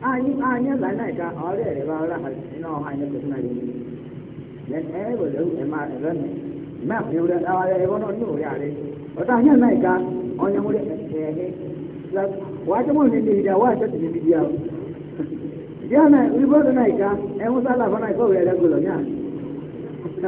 Anyị anya la na ka ọ rịọrọ ebe ọrụ ha si na ọha anyị kwụsị na ya iri. Lẹ́nu ẹ wòle ewu ẹ̀ máa rẹ̀ lẹ́nu. Mẹ́ àpò ewu rẹ̀ ọ̀rẹ́ ẹ̀ wọ́n ní òwe àrẹ. Ọ̀tá anya na ka ọnyẹ wọlé ẹ̀